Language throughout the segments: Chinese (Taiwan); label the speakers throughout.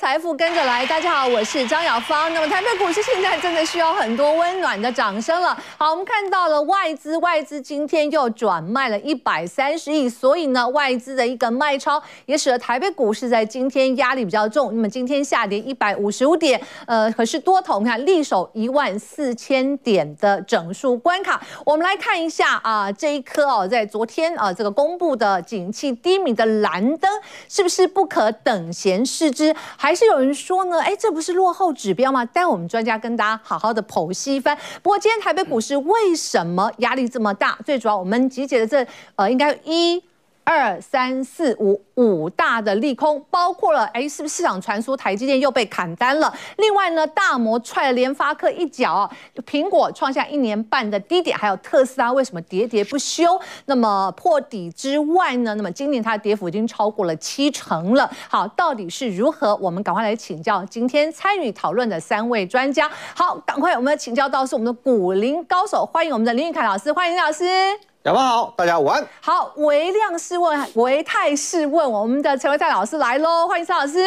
Speaker 1: 財富跟着來，大家好，我是張雅芳。那麼台北股市現在真的需要很多溫暖的掌聲了。好，我們看到了外資，外資今天又轉賣了一百三十億，所以呢，外資的一個賣超也使得台北股市在今天壓力比較重。那麼今天下跌一百五十五點，呃，可是多頭，你看力守一萬四千點的整數關卡。我們來看一下啊，這一顆哦，在昨天啊這個公布的景氣低迷的藍燈，是不是不可等閒視之？還還是有人說呢，哎，這不是落後指標嗎？待我們專家跟大家好好的剖析一番。不過今天台北股市為什麼壓力這麼大？最主要我們集結的這呃，應該有一。二三四五五大的利空，包括了哎，是不是市場傳出台積電又被砍單了？另外呢，大摩踹了聯發科一腳，蘋果創下一年半的低點，還有特斯拉為什麼跌跌不休？那麼破底之外呢？那麼今年它的跌幅已經超過了七成了。好，到底是如何？我們趕快來請教今天參與討論的三位專家。好，趕快我們請教到是我們的股林高手，歡迎我們的林鈺凱老師，歡迎林老師。
Speaker 2: 雅芳好，大家晚安。
Speaker 1: 好，唯量是問，唯泰是問，我們的陳唯泰老師來咯。歡迎陳老師。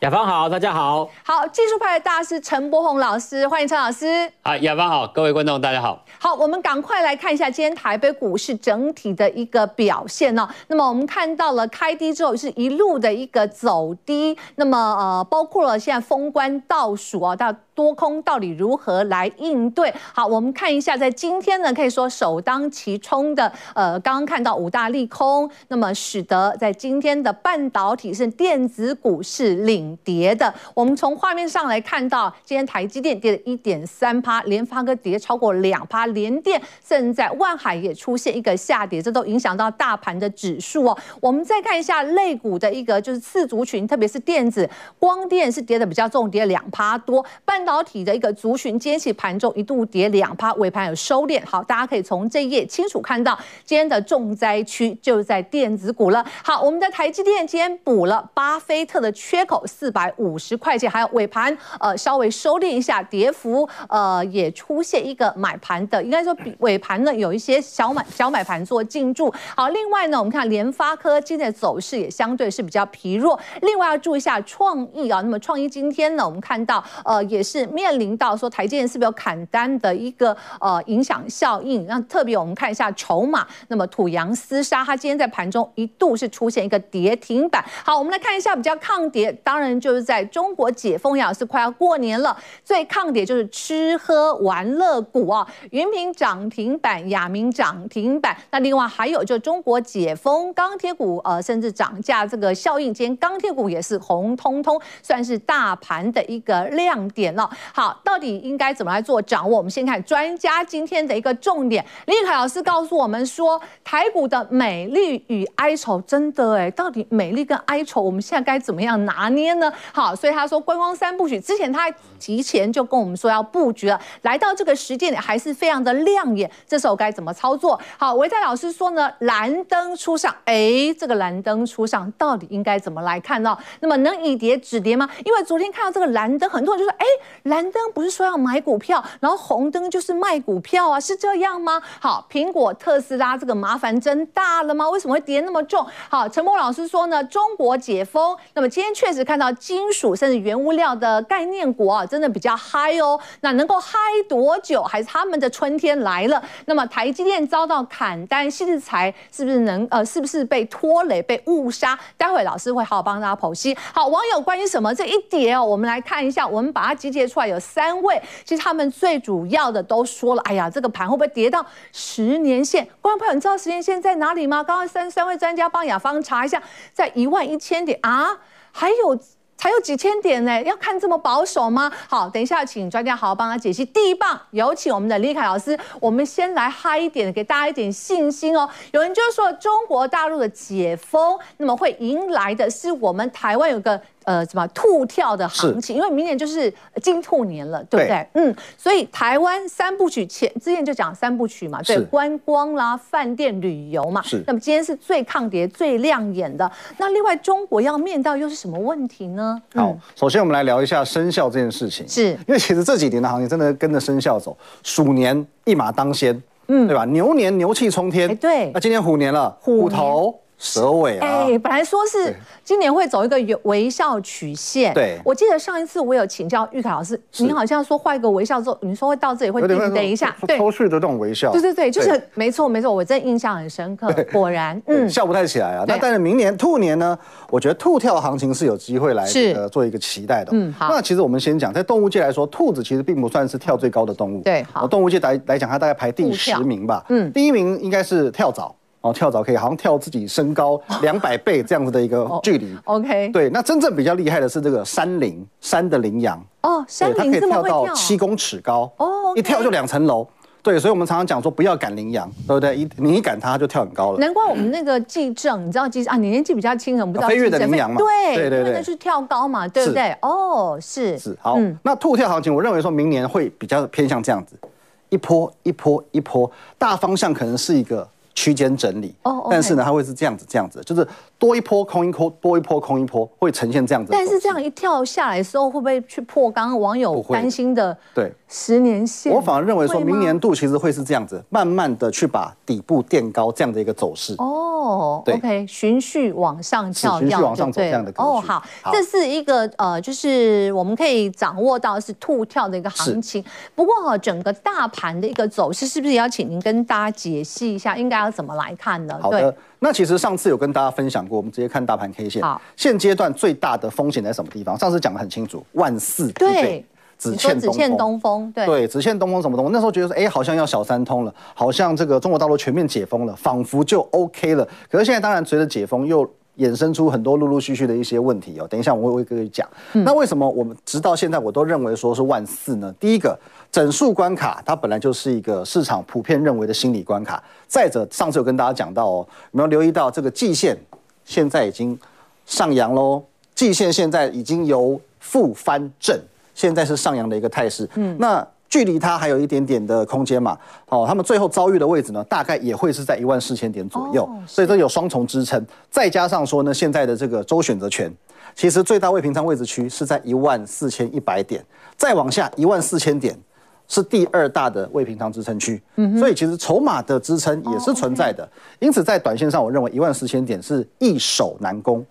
Speaker 3: 雅芳好，大家好。
Speaker 1: 好，技術派的大師陳柏宏老師，歡迎陳老師。
Speaker 4: 好，雅芳好，各位觀眾大家好。
Speaker 1: 好，我們趕快來看一下今天台北股市整體的一個表現呢、喔。那麼我們看到了開低之後是一路的一個走低，那麼呃，包括了現在封關倒數啊、喔，多空到底如何來應對？好，我們看一下，在今天呢，可以說首當其衝的，呃，剛剛看到五大利空，那麼使得在今天的半導體是電子股是領跌的。我們從畫面上來看到，今天台積電跌了一點三趴，聯發科跌超過兩趴，聯電甚至在萬海也出現一個下跌，這都影響到大盤的指數哦、喔。我們再看一下類股的一個就是四族群，特別是電子、光電是跌的比較重，跌兩趴多半。導體的一個族群，今天，盤中一度跌兩趴，尾盤有收斂。好，大家可以從這一頁清楚看到，今天的重災區就在電子股了。好，我們的台積電今天補了巴菲特的缺口，四百五十塊錢，還有尾盤呃稍微收斂一下，跌幅呃也出現一個買盤的，應該說比尾盤呢有一些小買小買盤做進駐。好，另外呢，我們看聯發科今天的走勢也相對是比較疲弱。另外要注意一下創意啊、哦，那麼創意今天呢，我們看到呃也是。是面臨到說台積電是不是有砍單的一個呃影響效應？那特別我們看一下籌碼，那麼土洋廝殺，它今天在盤中一度是出現一個跌停板。好，我們來看一下比較抗跌，當然就是在中國解封呀，是快要過年了，最抗跌就是吃喝玩樂股啊，雲品漲停板，雅茗漲停板。那另外還有就中國解封鋼鐵股，呃，甚至漲價這個效應，今天鋼鐵股也是紅彤彤，算是大盤的一個亮點了。好，到底應該怎麼來做掌握？我們先看專家今天的一個重點。林鈺凱老師告訴我們說，台股的美麗與哀愁，真的誒，到底美麗跟哀愁，我們現在該怎麼樣拿捏呢？好，所以他說觀光三部曲，之前他提前就跟我們說要布局了。來到這個時間點，還是非常的亮眼，這時候該怎麼操作？好，唯泰老師說呢，藍燈初上，誒，這個藍燈初上到底應該怎麼來看呢？那麼能以跌止跌嗎？因為昨天看到這個藍燈，很多人就說，誒。藍燈不是說要買股票，然後紅燈就是賣股票啊，是這樣嗎？好，蘋果、特斯拉這個麻煩真大了嗎？為什麼會跌那麼重？好，陳柏老師說呢，中國解封，那麼今天確實看到金屬甚至原物料的概念股啊，真的比較嗨哦。那能夠嗨多久？還是他們的春天來了？那麼台積電遭到砍單，矽智財是不是能呃，是不是被拖累、被誤殺？待會老師會好好幫大家剖析。好，網友關於什麼這一點哦、喔，我們來看一下，我們把它集結。出來有三位，其實他們最主要的都說了，哎呀，這個盤會不會跌到十年線？觀眾朋友，你知道十年線在哪裡嗎？剛剛三三位專家幫雅芳查一下，在一萬一千點啊，還有還有幾千點呢，要看這麼保守嗎？好，等一下請專家好好幫他解析。第一棒有請我們的鈺凱老師，我們先來嗨一點，給大家一點信心哦、喔。有人就說中國大陸的解封，那麼會迎來的是我們台灣有個。呃，什麼兔跳的行情？因為明年就是金兔年了，對不對？對，嗯，所以台灣三部曲前之前就講三部曲嘛，對，觀光啦、飯店、旅遊嘛。是。那麼今天是最抗跌、最亮眼的。那另外中國要面對又是什麼問題呢？
Speaker 2: 好、嗯，首先我們來聊一下生肖這件事情。是。因為其實這幾年的行情真的跟着生肖走，鼠年一馬當先，嗯，對吧？牛年牛氣沖天。欸、對。那、啊、今年虎年了，虎，虎頭蛇尾啊！哎、欸，
Speaker 1: 本來說是今年會走一個微笑曲線。對，我記得上一次我有請教鈺凱老師，你好像說畫一個微笑之後，後你說會到這裡會等一下，偷對，抽
Speaker 2: 搐的這種微笑。對對對，就是
Speaker 1: 沒錯沒錯，我真的印象很深刻。果然，嗯，
Speaker 2: 笑不太起來啊。啊那但是明年兔年呢？我覺得兔跳行情是有機會來呃做一個期待的。嗯，好。那其實我們先講，在動物界來說，兔子其實並不算是跳最高的動物。對，好。動物界來來講，它大概排第十名吧。嗯，第一名應該是跳蚤。然後跳蚤可以好像跳自己身高兩百倍這樣子的一個距離。Oh, OK，對，那真正比較厲害的是這個山羚，山的羚羊。哦、oh,，山羚這麼會跳。七公尺高，哦、oh, okay.，一跳就兩層樓。對，所以我們常常講說不要趕羚羊，對不對？一你一趕它就跳很高了。難怪我
Speaker 1: 們那個紀政、嗯，你知道紀政啊，你年紀比較輕很，我不知道飛躍的羚羊,羊嘛？對對,對對對，去跳高嘛，對不對？哦、oh,，是。
Speaker 2: 好、嗯，那兔跳行情，我認為說明年會比較偏向這樣子，一波一波一波，大方向可能是一個。區間整理，但是呢，oh, okay. 它會是這樣子，這樣子，就是多一波空一波，多一波空一波，會呈現這樣子。但是
Speaker 1: 這樣一跳下來的時候，會不會去破剛剛網友擔心的對十年線？我反而認為說，明年
Speaker 2: 度其實會是這樣子，慢慢的去把底部墊高這樣的一個走勢。哦、oh,，OK，
Speaker 1: 對循序往上跳掉，循序往上走這樣的。哦，好，這是一個呃，就是我們可以掌握到是兔跳的一個行情。不過哈，整個大盤的一個走勢，是不是也要請您跟大家解析一下？應該。怎麼來看呢？好的，
Speaker 2: 那其實上次有跟大家分享過，我們直接看大盤 K 線。好，現階段最大的風險在什麼地方？上次講得很清楚，萬四，對，只欠東風，欠東
Speaker 1: 風，對。
Speaker 2: 對，只欠東風什麼東風？那時候覺得說，哎、欸，好像要小三通了，好像這個中國大陸全面解封了，仿佛就 OK 了。可是現在，當然隨着解封，又衍生出很多陸陸續續的一些問題哦、喔。等一下我會為各位講。那為什麼我們直到現在我都認為說是萬四呢？第一個，整數關卡，它本來就是一個市場普遍認為的心理關卡。再者，上次有跟大家講到哦，有沒有留意到這個季線現在已經上揚嘍？季線現在已經由負翻正，現在是上揚的一個態勢。嗯，那距離它還有一點點的空間嘛？哦，他們最後遭遇的位置呢，大概也會是在一萬四千點左右，所以這有雙重支撐。再加上說呢，現在的這個周選擇權，其實最大位平倉位置區是在一萬四千一百點，再往下一萬四千點，是第二大的未平倉支撐區，嗯，所以其實籌碼的支撐也是存在的。哦 okay，因此，在短線上，我認為一萬四千點是易守難攻。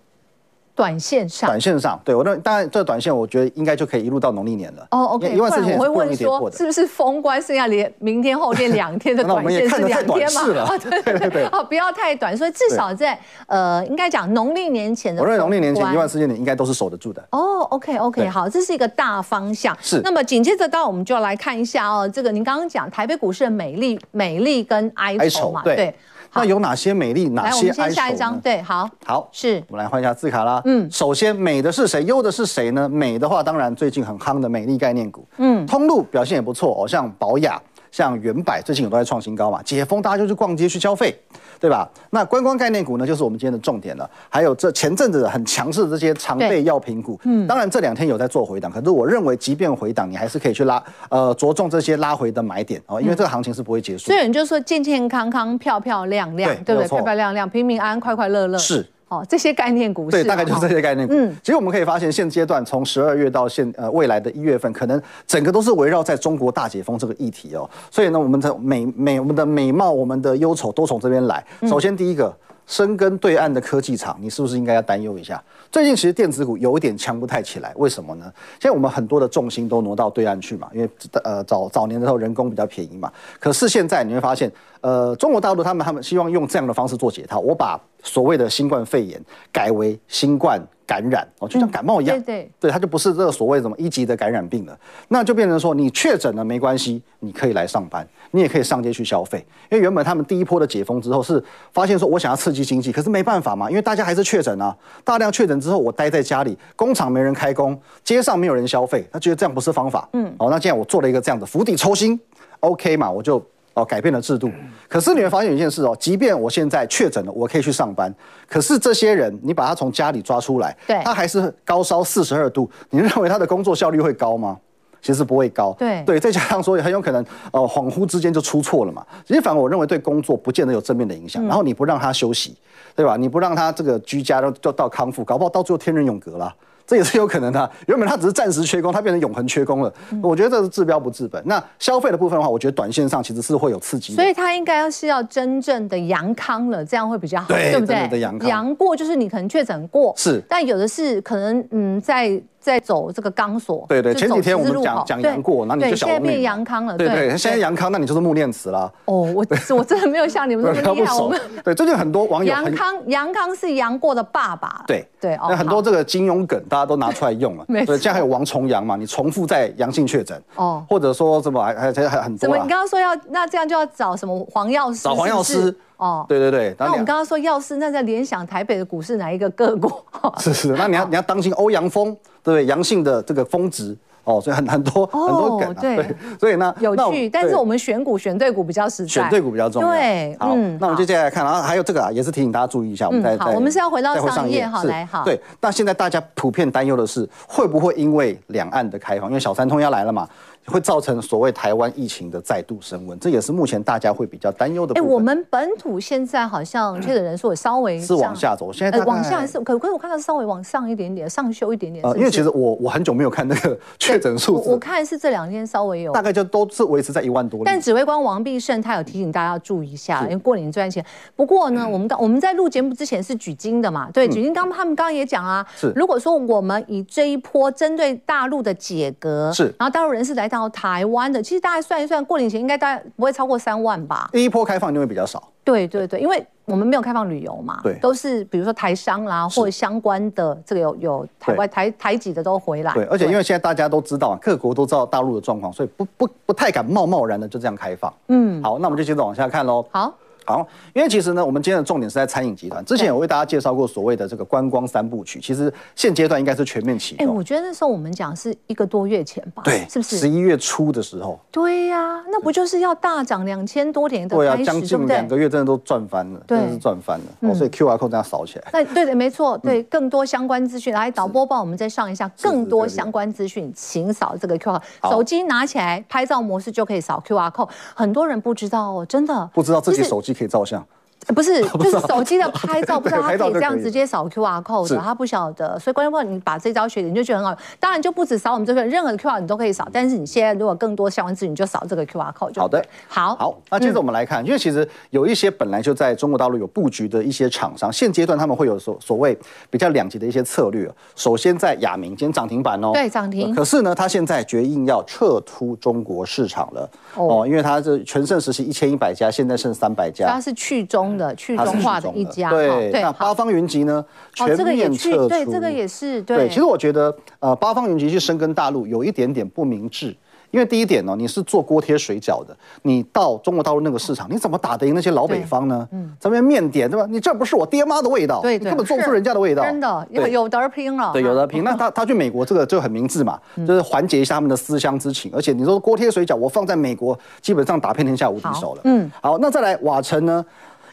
Speaker 2: 短線上，短線上，對我認為，當然這個短線，我覺得應該就可以一路到農曆年了。哦、oh,，OK，一萬四千點我會問說，是不是
Speaker 1: 封關？剩下連明天、後天兩天的短線是兩天嘛？ 對對對對，不要太短，所以至少在呃，應該講農曆年前。的，我認為農曆年前一萬四
Speaker 2: 千點應該都是守得住的。
Speaker 1: 哦、oh,，OK OK，好，這是一個大方向。是。那麼緊接着，到我們就要來看一下哦，這個您剛剛講台北股市的美麗、美麗跟哀愁嘛？愁對。對
Speaker 2: 那有哪些美麗？哪些哀愁？下一張？對，好，好，是，我們來換一下字卡啦。嗯，首先美的是誰？優的是誰呢？美的話，當然最近很夯的美麗概念股，嗯，通路表現也不錯哦，像寶雅。像遠百最近有都在創新高嘛，解封大家就去逛街去消費，對吧？那觀光概念股呢，就是我們今天的重點了。還有這前陣子很強勢的這些常備藥品股，嗯，當然這兩天有在做回檔，可是我認為即便回檔，你還是可以去拉，呃，着重這些拉回的買點哦，因為這個行情是不會結束的，嗯。所
Speaker 1: 以你就說健健康康，漂漂亮亮，對不對？漂漂亮亮，平平安安，快快樂樂是。哦，這些概念股對、哦，大概就是這些
Speaker 2: 概念股。嗯，其實我們可以發現，現階段從十二月到現呃未來的一月份，可能整個都是圍繞在中國大解封這個議題哦。所以呢，我們的美美，我們的美貌，我們的憂愁都從這邊來。首先，第一個，深耕對岸的科技廠，你是不是應該要擔憂一下？嗯、最近其實電子股有一點強不太起來，為什麼呢？現在我們很多的重心都挪到對岸去嘛，因為呃早早年的時候人工比較便宜嘛。可是現在你會發現，呃，中國大陸他們他們希望用這樣的方式做解套，我把。所謂的新冠肺炎改為新冠感染哦，就像感冒一樣，嗯、對它就不是這個所謂什麼一級的感染病了。那就變成說，你確診了沒關係，你可以來上班，你也可以上街去消費。因為原本他們第一波的解封之後是發現說，我想要刺激經濟，可是沒辦法嘛，因為大家還是確診啊，大量確診之後，我待在家裡，工廠沒人開工，街上沒有人消費，他覺得這樣不是方法。嗯，好、哦，那既然我做了一個這樣的釜底抽薪，OK 嘛，我就。哦，改變了制度，可是你會發現有一件事哦，即便我現在確診了，我可以去上班，可是這些人，你把他從家裡抓出來，對，他還是高燒四十二度，你認為他的工作效率會高嗎？其實不會高，對對，再加上說也很有可能，呃，恍惚之間就出錯了嘛。其實反而我認為對工作不見得有正面的影響，嗯。然後你不讓他休息，對吧？你不讓他這個居家，就到康復，搞不好到最後天人永隔了啊。這也是有可能的。原本它只是暫時缺工，它變成永恆缺工了，嗯。我覺得這是治標不治本。那消費的部分的話，我覺得短線上其實是會有刺激的。所以
Speaker 1: 它應該是要真正的陽康了，這樣會比較好，對，對不對？真的，的陽康，陽過就是你可能確診過，是。但有的是可能，嗯，在。在走這個鋼索，對對，前幾天我們講講楊過，那你就想問楊康了，對對、對、對，
Speaker 2: 現在楊康、康，那你就是穆念慈啦
Speaker 1: 哦，我 我真的沒有像你們這麼厲害。
Speaker 2: 對，最近很多網友楊康
Speaker 1: 楊康是楊過的爸爸，
Speaker 2: 對對，那、哦、很多這個金庸梗、哦、大家都拿出來用了。對，現在還有王重陽嘛？你重複在陽性確診，哦，或者說什麼還還還很怎麼你剛剛
Speaker 1: 說要那這樣就要找什麼黃藥師？找黃藥師是是哦，
Speaker 2: 對對對。啊、那我們剛
Speaker 1: 剛說藥師，那在聯想台北的股市哪一個個股
Speaker 2: 是是，那你要你要當心歐陽鋒。對，陽性的這個峰值哦，所以很多、oh, 很多梗、啊對對，對，所以呢，有趣。但是我
Speaker 1: 們選股選對股比較實在，選對股比較重要。對，好，嗯、那我們就接
Speaker 2: 下來看，然後還有這個啊，也是提醒大家注意一下，嗯、我們再好，再好再，我們是要回到商業好，是好是來好。對，那現在大家普遍擔憂的是，會不會因為兩岸的開放，因為小三通要來了嘛？會造成所謂台灣疫情的再度升溫，這也是目前大家會比較擔憂的部分。哎、欸，我
Speaker 1: 們本土現在好像確診人數也稍微是往下
Speaker 2: 走，現在、呃、往下還
Speaker 1: 是可，可是我看到是稍微往上一點點，上修一點點是是，呃。因為其
Speaker 2: 實我我很久沒有看那個確診數字我，我
Speaker 1: 看是這兩天稍微有，大概
Speaker 2: 就都是維持在一萬多。但指
Speaker 1: 揮官王必勝他有提醒大家要注意一下，因為過年賺錢。不過呢，我們、嗯、我們在錄節目之前是鈺凱的嘛，對，嗯、鈺凱剛他們剛剛也講啊，是如果說我們以這一波針對大陸的解隔，是，然後大陸人士來台到台灣的，其實大概算一算，過年前應該大概不會超過三萬吧。第
Speaker 2: 一波開放就會比較少。
Speaker 1: 對對對，對，因為我們沒有開放旅遊嘛，對、嗯，都是比如說台商啦，或者相關的這個有有台灣台台籍的都回來對對。對，而且因為
Speaker 2: 現在大家都知道，各國都知道大陸的狀況，所以不不不，不太敢貿貿然的就這樣開放。嗯，好，那我們就接着往下看嘍。好。好，因為其實呢，我們今天的重點是在餐飲集團。之前有為大家介紹過所謂的這個觀光三部曲，其實現階段應該是全面啟動。哎、
Speaker 1: 欸，我覺得那時候我們講是一個多月前吧，對，是不是十
Speaker 2: 一月初的時候？
Speaker 1: 對呀、啊，那不就是要大漲兩千多點的？對啊，將近兩
Speaker 2: 個月真的都賺翻了對，真的是賺翻了。哦，所以 QR code 這樣掃起來。哎、
Speaker 1: 嗯，對的，沒錯。對，更多相關資訊、嗯、來導播幫我們再上一下。更多相關資訊，請掃這個 QR code。手機拿起來，拍照模式就可以掃 QR code。很多人不知道哦，真的
Speaker 2: 不知道自己手機。可以照相。不是，就是手機的拍照，不知道他可以這樣直
Speaker 1: 接掃 QR code，他不曉得，所以觀眾朋友你把這招學，你就覺得很好。當然就不止掃我們這邊，任何的 QR 你都可以掃，但是你現在如果更多相關資訊，你就掃這個 QR code 就好
Speaker 2: 的。好、好、嗯，好，那接着我們來看，因為其實有一些本來就在中國大陸有布局的一些廠商，現階段他們會有所所謂比較兩極的一些策略。首先在雅茗，今天漲停板哦，對，漲停。可是呢，他現在決定要撤出中國市場了，哦，哦因為他是全盛時期一千一百家，現在剩三百家，他是去中。去中化的一家，對、對、對，那八方雲集呢，全面撤出。哦，這個、對，這個也是對、對。其實我覺得呃，八方雲集去深耕大陸有一點點不明智，因為第一點呢、哦，你是做鍋貼水餃的，你到中國大陸那個市場，你怎麼打得贏那些老北方呢？嗯，咱們面點對吧？你這不是我爹媽的味道，對，對，根本做不出人家的味道，真的有有
Speaker 1: 得拼了。對，對，
Speaker 2: 有得拼。啊、那他他去美國這個就很明智嘛、嗯，就是緩解一下他們的思鄉之情。而且你說鍋貼水餃，我放在美國基本上打遍天下無敵手了。嗯，好，那再來瓦城呢？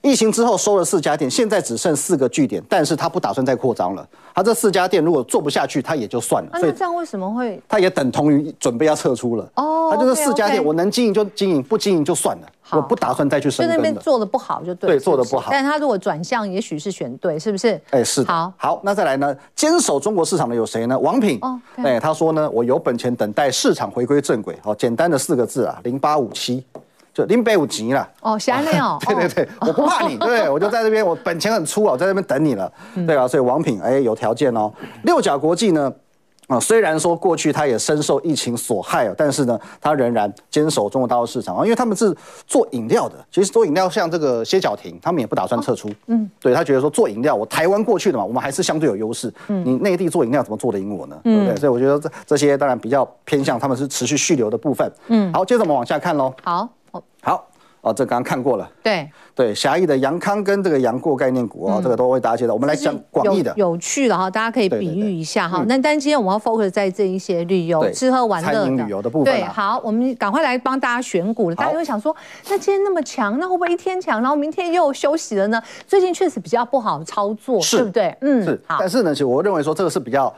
Speaker 2: 疫情之後收了四家店，現在只剩四個據點，但是他不打算再擴張了。他這四家店如果做不下去，他也就算了。所以他了
Speaker 1: 啊、那這樣為什麼會？
Speaker 2: 他也等同於準備要撤出了。哦，他就是四家店 okay, okay，我能經營就經營，不經營就算了，我不打算再去深耕。就那邊
Speaker 1: 做的不好就對。對，是是做的不好。但是他如果轉向，也許是選對，是不是？哎、欸，是的。
Speaker 2: 好好，那再來呢？堅守中國市場的有誰呢？王品。哦。哎，他說呢，我有本錢等待市場回歸正軌。好、哦，簡單的四個字啊，零八五七。就林北五級了
Speaker 1: 哦，瞎聊、哦啊。對對
Speaker 2: 對、哦，我不怕你，對、哦、我就在這邊， 我本錢很粗、啊、我在這邊等你了，對吧、啊？所以王品哎、欸，有條件哦。六角國際呢，啊，雖然說過去它也深受疫情所害哦，但是呢，它仍然堅守中國大陸市場啊，因為他們是做飲料的。其實做飲料像這個歇腳亭，他們也不打算撤出。哦、嗯，對，他覺得說做飲料，我台灣過去的嘛，我們還是相對有優勢。嗯，你內地做飲料怎麼做得贏我呢？嗯對不對，所以我覺得這這些當然比較偏向他們是持續續，續流的部分。嗯，好，接着我們往下看嘍。好。好，哦，這剛剛看過了。對對，狹義的楊康跟這個楊過概念股啊、嗯，這個都會大家介紹的。我們來講廣義的，有,有
Speaker 1: 趣的哈、哦，大家可以比喻一下哈。那、嗯、但今天我們要 focus 在這一些旅遊、吃喝玩樂、餐飲旅遊的部分、啊。對，好，我們趕快來幫大家選股了、啊。大家會想說，那今天那麼強，那會不會一天強，然後明天又休息了呢？最近確實比較不好操作，對不對？
Speaker 2: 嗯，是嗯好。但是呢，其實我認為說這個是比較。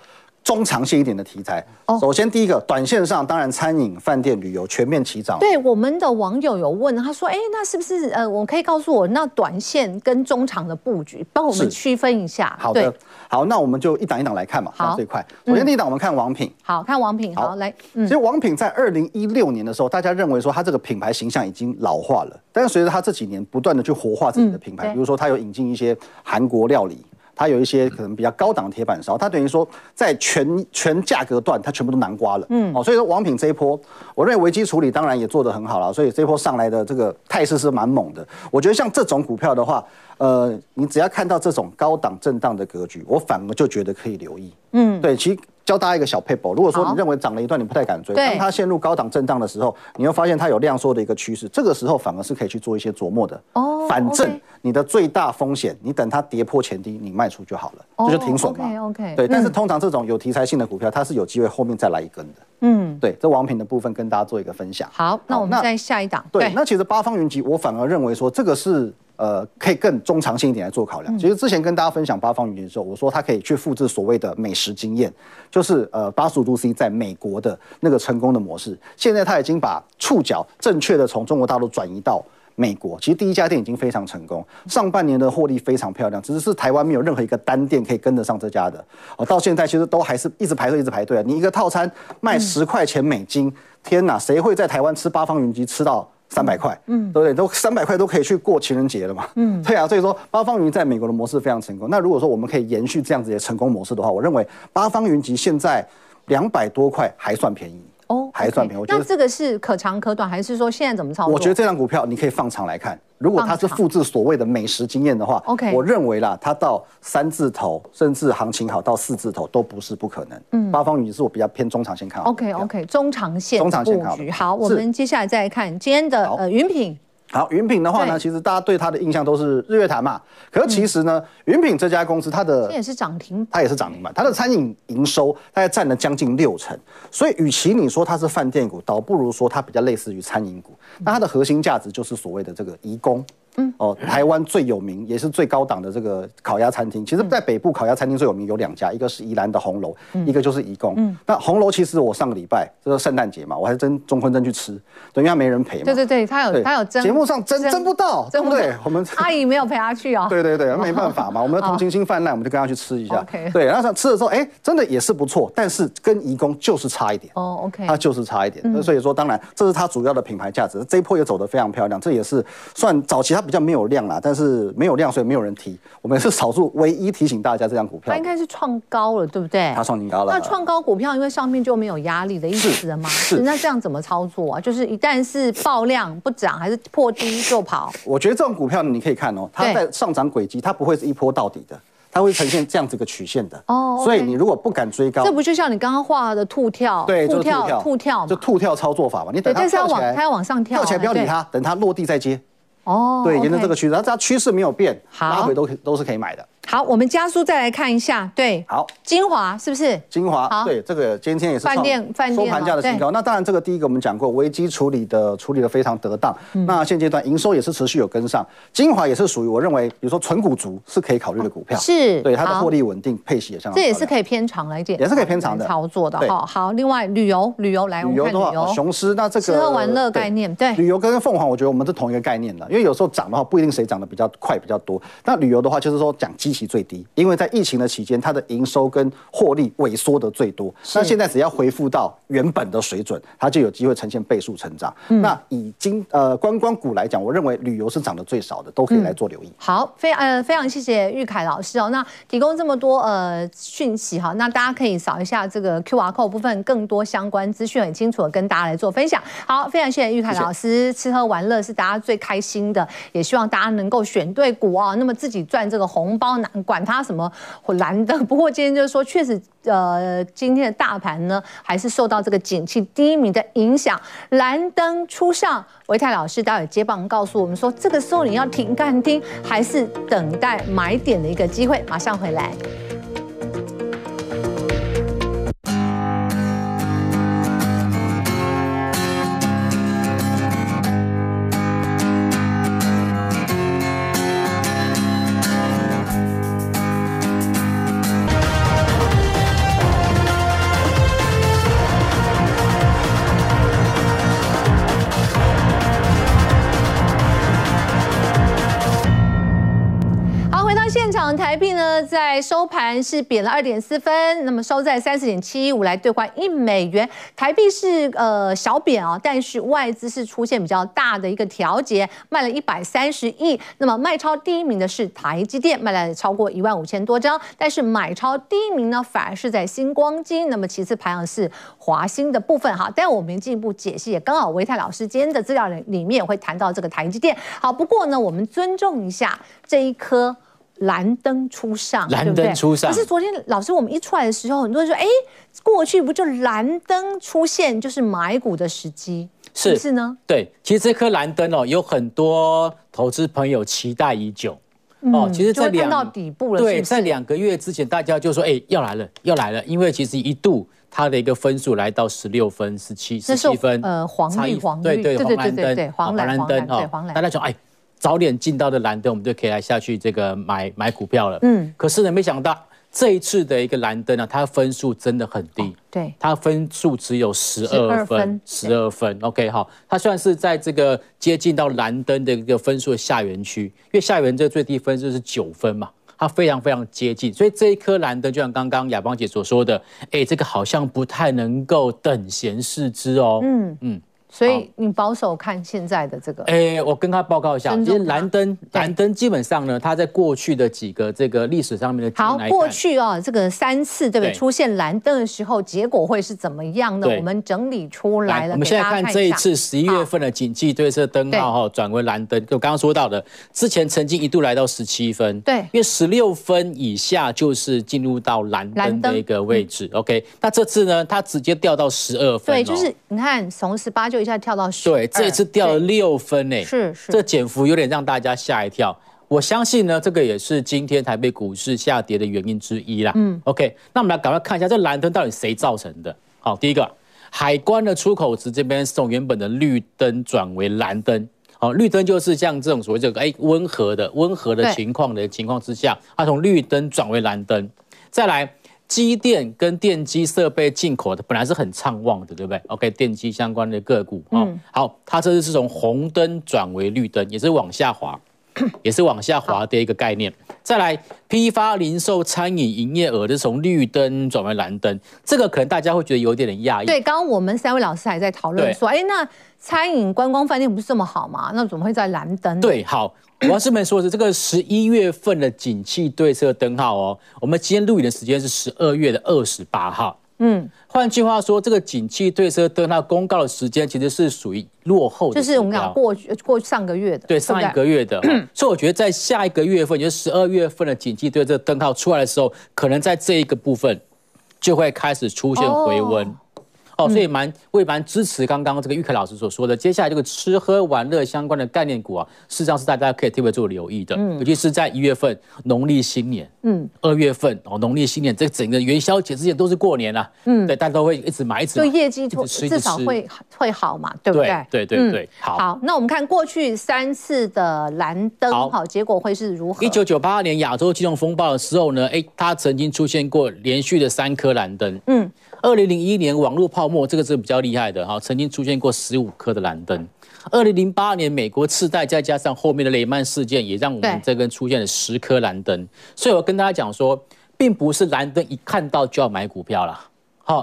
Speaker 2: 中長線一點的題材。哦、oh,，首先第一個，短線上當然餐飲、飯店、旅遊全面起漲。對，
Speaker 1: 我們的網友有問，他說：“哎，那是不是呃，我可以告訴我那短線跟中長的布局，幫我們區分一下？”好的，
Speaker 2: 好，那我們就一檔一檔來看嘛。好，最快首先第一檔我們看王品。嗯、好
Speaker 1: 看王品。好，好來、
Speaker 2: 嗯，所以王品在二零一六年的時候，大家認為說它這個品牌形象已經老化了，但是隨着它這幾年不斷的去活化自己的品牌，嗯、比如說它有引進一些韓國料理。嗯 okay. 它有一些可能比較高檔的鐵板燒，它等於說在全全價格段，它全部都囊括了，嗯，哦，所以說王品這一波，我認為危機處理當然也做得很好了，所以這一波上來的這個態勢是蠻猛的。我覺得像這種股票的話，呃，你只要看到這種高檔震盪的格局，我反而就覺得可以留意，嗯，對，其實。教大家一個小撇步。如果說你認為漲了一段，你不太敢追，當它陷入高檔震盪的時候，你會發現它有量縮的一個趨勢，這個時候反而是可以去做一些琢磨的。
Speaker 1: 哦、反正
Speaker 2: 你的最大風險，哦、okay, 你等它跌破前低，你賣出就好了，哦、就就停損嘛。o、
Speaker 1: okay, okay, 對，但是
Speaker 2: 通常這種有題材性的股票，嗯、它是有機會後面再來一根的。嗯，對，這王品的部分跟大家做一個分享。好，好，
Speaker 1: 那我們再下一檔。對，
Speaker 2: 那其實八方雲集，我反而認為說這個是。呃，可以更中長線一點來做考量。其實之前跟大家分享八方雲集的時候，我說它可以去複製所謂的美食經驗，就是呃八十五度 C 在美國的那個成功的模式。現在他已經把觸角正確的從中國大陸轉移到美國，其實第一家店已經非常成功，上半年的獲利非常漂亮。只是是台灣沒有任何一個單店可以跟得上這家的。哦、呃，到現在其實都還是一直排隊，一直排隊，啊。你一個套餐賣十塊錢美金，嗯，天哪，誰會在台灣吃八方雲集吃到？三百塊，嗯，對不對？都三百塊都可以去過情人節了嘛，嗯，對啊。所以說，八方雲在美國的模式非常成功。那如果說我們可以延續這樣子的成功模式的話，我認為八方雲集現在兩百多塊還算便宜。哦、oh, okay. 還算便宜。那這
Speaker 1: 個是可長可短，還是說現在怎麼操作？我覺得這
Speaker 2: 張股票你可以放長來看。如果它是複製所謂的美食經驗的話，OK，我認為啦，它到三字頭，甚至行情好到四字頭都不是不可能。嗯，八方雲是我比較偏中長線看好。
Speaker 1: OK OK，中長線。中長線看好。好，我們接下來再看今天的呃雲品。
Speaker 2: 好，雲品的話呢，其實大家對它的印象都是日月潭嘛。可是其實呢，雲品，嗯，這家公司它的它也是漲停它也是漲停板。它的餐飲營收大概占了將近六成，所以與其你說它是飯店股，倒不如說它比較類似於餐飲股。那它的核心價值就是所謂的這個“移工”。嗯哦，台灣最有名也是最高檔的這個烤鴨餐廳，其實，在北部烤鴨餐廳最有名有兩家、嗯，一個是宜蘭的紅樓、嗯，一個就是頤宮。嗯，那紅樓其實我上個禮拜這個聖誕節嘛，我還爭鍾坤真去吃，等於他沒人陪嘛。對對對，他有他有爭。節目上爭爭不，爭，爭不到，對不對？我們阿
Speaker 1: 姨沒有陪他去啊。對
Speaker 2: 對對，哦、沒辦法嘛，我們的同情心泛濫、哦，我們就跟他去吃一下。哦、okay，對，然後想吃的時候，哎、欸，真的也是不錯，但是跟頤宮就是差一點。哦
Speaker 1: ，OK。他就
Speaker 2: 是差一點，那、嗯、所以說當然這是他主要的品牌價值，嗯、這一波也走得非常漂亮，這也是算早期他。比較沒有量啦，但是沒有量，所以沒有人提。我們是少數唯一提醒大家這張股票。它應
Speaker 1: 該是創高了，對不對？它創新高了、了。那創高股票，因為上面就沒有壓力的意思了嗎？是？是。那這樣怎麼操作啊？就是一旦是爆量不漲，還是破低就跑？
Speaker 2: 我覺得這種股票你可以看哦、喔，它在上漲軌跡，它不會是一波到底的，它會呈現這樣子一個曲線的。哦、oh, okay.。所以你如果不敢追高，這不
Speaker 1: 就像你剛剛畫的兔跳？對，兔、就是、跳，兔跳，兔
Speaker 2: 跳就兔、是、跳操作法嘛。你等它但是要往，它要
Speaker 1: 往上跳，跳起來不要理它，
Speaker 2: 等它落地再接。
Speaker 1: 哦、oh, okay.，對，沿着這個趨
Speaker 2: 勢，它它趨勢沒有變，拉回都可、huh? 都是可以買的。
Speaker 1: 好，我們加速再來看一下，對，好，精華是不是？精華，對，
Speaker 2: 這個今天也是飯店飯店收盤價的信高，那當然，這個第一個我們講過，危機處理的處理的非常得當。嗯、那現階段營收也是持續有跟上，嗯、精華也是屬於我認為，比如說存股族是可以考慮的股票。哦、是，對它的獲利穩定，配息也相當。這也
Speaker 1: 是可以偏長來一點，也是可以偏長的，操作的哈。好，另外旅遊旅遊來，我們看旅遊雄
Speaker 2: 獅，那這個吃喝玩樂概念，對，對旅遊跟鳳凰，我覺得我們是同一個概念的，因為有時候漲的話不一定誰漲得比較快比較多。那旅遊的話，就是說講基。最低，因為在疫情的期間，它的營收跟獲利萎縮的最多。那現在只要回復到原本的水準，它就有機會呈現倍數成長，嗯。那以金呃觀光股來講，我認為旅遊是漲得最少的，都可以來做留意。嗯、
Speaker 1: 好，非呃非常謝謝玉凱老師哦，那提供這麼多呃訊息哈，那大家可以掃一下這個 QR code 部分更多相關資訊，很清楚的跟大家來做分享。好，非常謝謝玉凱老師謝謝。吃喝玩樂是大家最開心的，也希望大家能夠選對股啊、哦，那麼自己賺這個紅包呢！管他什麼藍燈，不過今天就是說，確實，呃，今天的大盤呢，還是受到這個景氣低迷的影響，藍燈初上。維泰老師待會接棒告訴我們說，這個時候你要停看聽，還是等待買點的一個機會？馬上回來。在收盤是貶了二點四分，那麼收在三十點七一五來兌換一美元台幣是呃小貶啊、哦，但是外資是出現比較大的一個調節，賣了一百三十億，那麼賣超第一名的是台積電，賣了超過一萬五千多張，但是買超第一名呢反而是在新光金，那麼其次排行是華新的部分哈，待會我們進一步解析，也剛好唯泰老師今天的資料裡裡面也會談到這個台積電，好不過呢我們尊重一下這一顆。藍燈初上，藍燈初上對對。可是昨天老師，我們一出來的時候，很多人說：“哎、欸，過去不就藍燈出現就是買股的時機，是是呢？”
Speaker 3: 對，其實這顆藍燈哦、喔，有很多投資朋友期待已久哦、嗯喔。其實在，在看到
Speaker 1: 底部了是是。對，在
Speaker 3: 兩個月之前，大家就說：“哎、欸，要來了，要來了。”因為其實一度它的一個分數來到十六分、十七、十七分，
Speaker 1: 呃，黃綠黃綠，對對對對對對，對對，黃藍燈黃藍燈哦、喔，大家
Speaker 3: 說：“哎、欸。”早點進到的藍燈，我們就可以來下去這個買買股票了。嗯，可是呢，沒想到這一次的一個藍燈呢、啊，它的分數真的很低、哦。對，它分數只有十二分，十二分,分,分。OK，好，它算是在這個接近到藍燈的一個分數的下緣區，因為下緣這最低分數是九分嘛，它非常非常接近，所以這一顆藍燈就像剛剛雅芳姐所說的，哎，這個好像不太能夠等閒視之哦。嗯嗯。
Speaker 1: 所以你保守看現在的這個，哎、
Speaker 3: 欸，我跟他報告一下，其實藍燈，藍燈基本上呢，它在過去的幾個這個歷史上面的，好，過去
Speaker 1: 啊、哦，這個三次對不對？對？出現藍燈的時候，結果會是怎麼樣的？我們整理出來了，來我們現在看這一次
Speaker 3: 十一月份的景氣對策燈號哈、哦，轉為藍燈，就剛剛說到的，之前曾經一度來到十七分，對，因為十六分以下就是進入到藍燈的一個位置，OK，那這次呢，它直接掉到十二分、哦，對，就是
Speaker 1: 你看從十八就。現在跳到水，對，這次掉
Speaker 3: 了六分呢，是是，這減幅有點讓大家嚇一跳。我相信呢，這個也是今天台北股市下跌的原因之一啦。嗯，OK，那我們來趕快看一下這藍燈到底誰造成的。好，第一個海關的出口值這邊從原本的綠燈轉為藍燈。好，綠燈就是像這種所謂這個哎溫和的溫和的情況的情況之下，它從綠燈轉為藍燈。再來。機電跟電機設備進口，的本來是很暢旺的，對不對？OK，電機相關的個股啊、嗯，好，它這是從紅燈轉為綠燈，也是往下滑。也是往下滑的一個概念。再來，批發零售餐飲營業額是從綠燈轉為藍燈，這個可能大家會覺得有點點訝異。對，剛
Speaker 1: 剛我們三位老師還在討論說，哎、欸，那餐飲觀光飯店不是這麼好嗎？那怎麼會在藍燈？對，
Speaker 3: 好，我要是沒說錯的是這個十一月份的景氣對策燈號哦。我們今天錄影的時間是十二月的二十八號。嗯，換句話說，這個景氣對策燈它公告的時間其實是屬於落後的，就是我們講過
Speaker 1: 去過去上個月的，對上一個
Speaker 3: 月的、嗯，所以我覺得在下一個月份，就是十二月份的景氣對策燈號出來的時候，可能在這一個部分就會開始出現回溫。哦哦，所以蠻，我也蠻支持剛剛這個鈺凱老師所說的，接下來這個吃喝玩樂相關的概念股啊，事實上是大家可以特別做留意的，尤其是在一月份農曆新年，嗯，二月份哦農曆新年，這整個元宵節之前都是過年啊。嗯，對，大家都會一直買一直，就業績就至少會
Speaker 1: 會好嘛，對不對？對對對，對、嗯，好。好，那我們看過去三次的藍燈，好，好結果會是如何？一九
Speaker 3: 九八年亞洲金融風暴的時候呢，哎，它曾經出現過連續的三顆藍燈，
Speaker 1: 嗯，
Speaker 3: 二零零一年網絡泡。泡沫這個是比較厲害的哈，曾經出現過十五顆的藍燈。二零零八年美國次貸，再加上後面的雷曼事件，也讓我們這邊出現了十顆藍燈。所以我跟大家講說，並不是藍燈一看到就要買股票了，